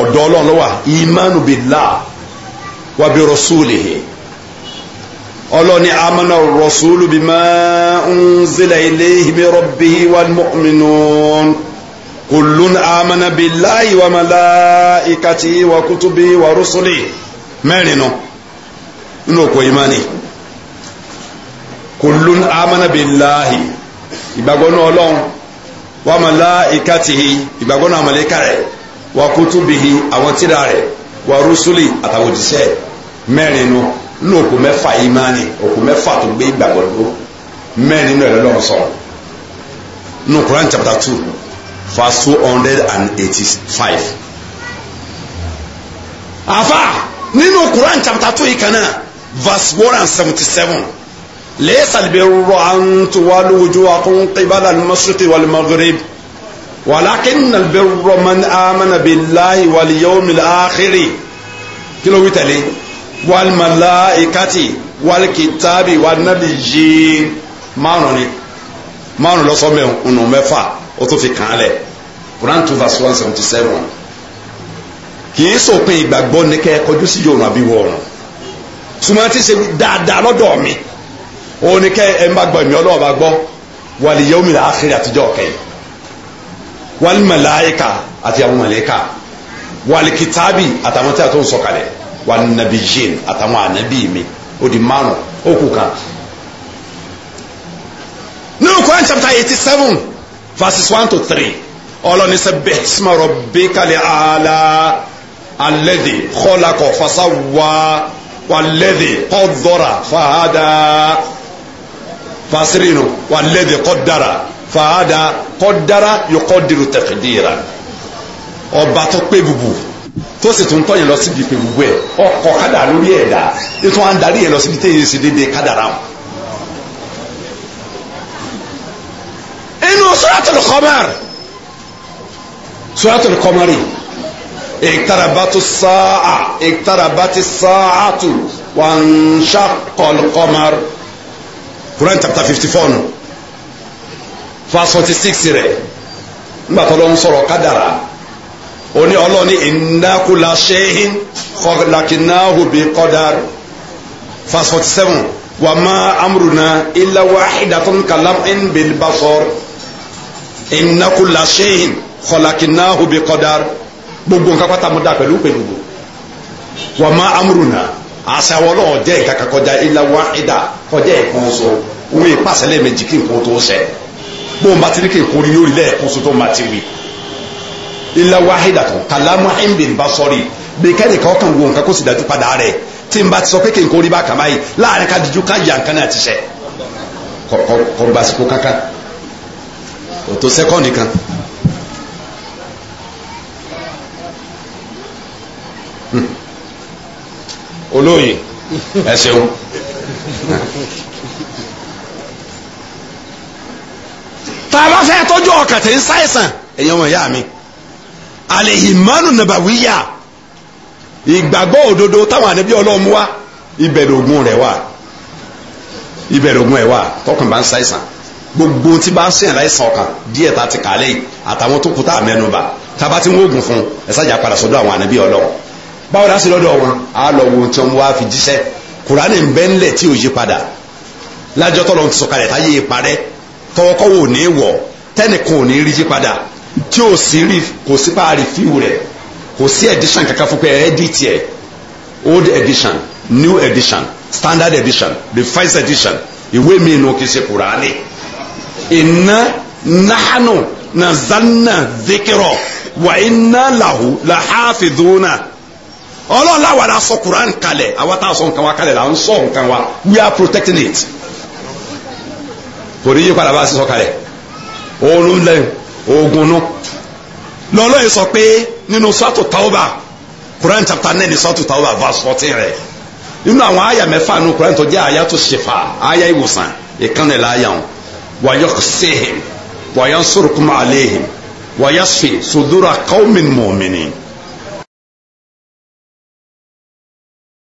[SPEAKER 1] ọ̀dọ̀ ọlọ́run ló wà ìmọ̀nù billah wa bi rasulihi ọlọ́ni amana rasulu bima unzila ilayhi min rabbihi wal mu'minun kullun amana billahi wa malaikati wa kutubi wa rusuli mẹ́rin nu nínú òkò imani kullun amana billahi ìgbàgbọ́ náà ọlọ́run wa malaikatihi ìgbàgbọ́ náà àmàlẹ́kà rẹ̀ wa kutubihi àwọn tírà rẹ̀ wa rusuli àtàwọn òjíṣẹ́ mẹ́rin nu nínú imani òkò mẹ́fà tó gbé ìgbàgbọ́ dúró mẹ́rin nu Quran chapter two verse two hundred and eighty-five. àfa nínú Quran chapter two yìí kan náà verse one and seventy-seven laysa al-birru an tuwallu wujuhakum qibala al-mashriqi wal-maghrib walakinna al-birra man amana billahi wal-yawmi al-akhiri kí ló wí tẹ̀lé wal-malaikati wal-kitabi wan-nabiyyin márùn ni márùn lọ́sọ̀mẹ̀ ọ̀nà mẹ́fà ó tún fi kàn án lẹ̀ Quran two verse one seventy seven kì í sòpin ìgbàgbọ́ ni kẹ́ ẹ kọjú sí yòòrùn àbí wọ̀ọ̀rùn sùmọ́ ti ṣe dáadáa lọ́dọ̀ mi òun ni kẹ́ ẹ ń bá gbọ́ ẹ̀mí Ọlọ́run bá gbọ́ wal yawmil akhir àtijọ́ kẹ́yìn wal malaika àti àwọn màláíkà wal kitabi àtàwọn tí a tó ń sọ̀kalẹ̀ wal nabiyyin àtàwọn ànábì mi ó di márùn ó kù kan. nínú Quran chapter eighty seven verses one to three ọlọ́ni sẹ́bẹ̀ sùmọ̀rọ̀ bẹ́kálẹ̀ àlà alẹ́dẹ̀ kọ́lákọ̀ fasáwà wàlẹ́dẹ̀ kọ́dọ̀rà fàádà fasirinu wàlẹ́dẹ̀ kọ́dàrà fàádà kọ́dàrà yọkọ́dìrú tẹ̀fẹ̀dìrà ọba tó pé bubu tó sì tún tọ́yìn lọ síbi pé bubu ẹ̀ ọkọ̀ kádà lórí ẹ̀dá ètò àǹdarí ẹ̀ lọ síbi téyìn sí déédéé kádàrà wọn. nínú suratul qamar suratul qamari iqtarabatu sa'a iqtarabati sa'atu wanshaqqal qamar Quran chapter fifty four nù verse forty six rẹ̀ nígbà tó lọ ń sọ̀rọ̀ kádàrà oní ọlọ́ni ìnákùlà ṣẹ́yìn kọlákìnáhù bí kọ́dàr verse forty seven wàmà amruna illa wahidatun kalam'in bil basar inna kulla shay'in khalaqnahu bi qadar gbogbo nǹkan pátá mo dá pẹ̀lú pẹ̀lúgbò wa ma amruna àṣà wọn náà jẹ́ nǹkan kan kọjá illa wahida kọjá ẹ̀kan so òun ìpàṣẹ lẹ́ẹ̀mejì kí nǹkan tó ṣẹ bó ma ti ní kí nǹkan orí yóò rí lẹ́ẹ̀kan so tó ma ti wí kan wo nǹkan kó sì dájú tí n bá ti sọ pé kí nǹkan orí bá kàmáyé láàrin ká dijú ká yà nǹkan ti ṣẹ kọ kò tó sẹ́kọ̀ndì kan. Hmm. olóyè ẹ ṣeun tá a bá fẹ́ tọ́jú ọkàn tí ń ṣàìsàn ẹ̀yẹ́ wọn ìyá mi alehimanu nabawiya ìgbàgbọ́ òdodo táwọn ànábì Ọlọ́run mú wá ibẹ̀ lóògùn rẹ̀ wà ibẹ̀ lóògùn ẹ̀ wà tọkàn bá ń ṣàìsàn gbogbo tí bá ń sèyàn láìsàn ọkàn díẹ̀ tá ti kà lẹ́yìn àtàwọn tó kù tá a mẹ́nuba tába tí wọ́n oògùn fún ẹ̀sàjà padà sọ́dọ̀ àwọn ànábì ọlọ́run báwo dá sí lọ́dọ̀ wọn a lọ wo tí wọ́n wá fi jíṣẹ́ kùránì ń bẹ ńlẹ̀ tí ò yí padà lájọ́ tọ́lọ́ ti sọ̀kalẹ̀ táyé parẹ́ tọwọ́kọ́ wò ní wọ̀ tẹ́nìkan ò ní rí yí padà tí ò sí rí kò sí páàrí fíwù rẹ̀ kò sí edition kankan fún pé ẹ́díìtì ẹ̀ old edition new edition standard edition revised edition ìwé mi nù kì ṣe kùránì inna nahanu nazanna zikirọ wa inna lahu la hafiduna ọlọ́run láwa la sọ quran kalẹ̀ àwa tá a sọ nǹkan wa kalẹ̀ la ń sọ nǹkan wa we are protecting it kò ní yí padà bá a sọ kalẹ̀ oorun lẹ́yìn oògùn nu lọ́lọ́ yìí sọ pé nínú sọ́tò tàwọ́bà quran chapter nine sọ́tò tàwọ́bà verse fourteen rẹ̀ nínú àwọn àyà mẹ́fà nínú quran tó jẹ́ àyà tó ṣèfà àyà ìwòsàn ìkànnì làáyà wọn. ويقسيهم وينصركم عليهم ويصفي صدور قوم مؤمنين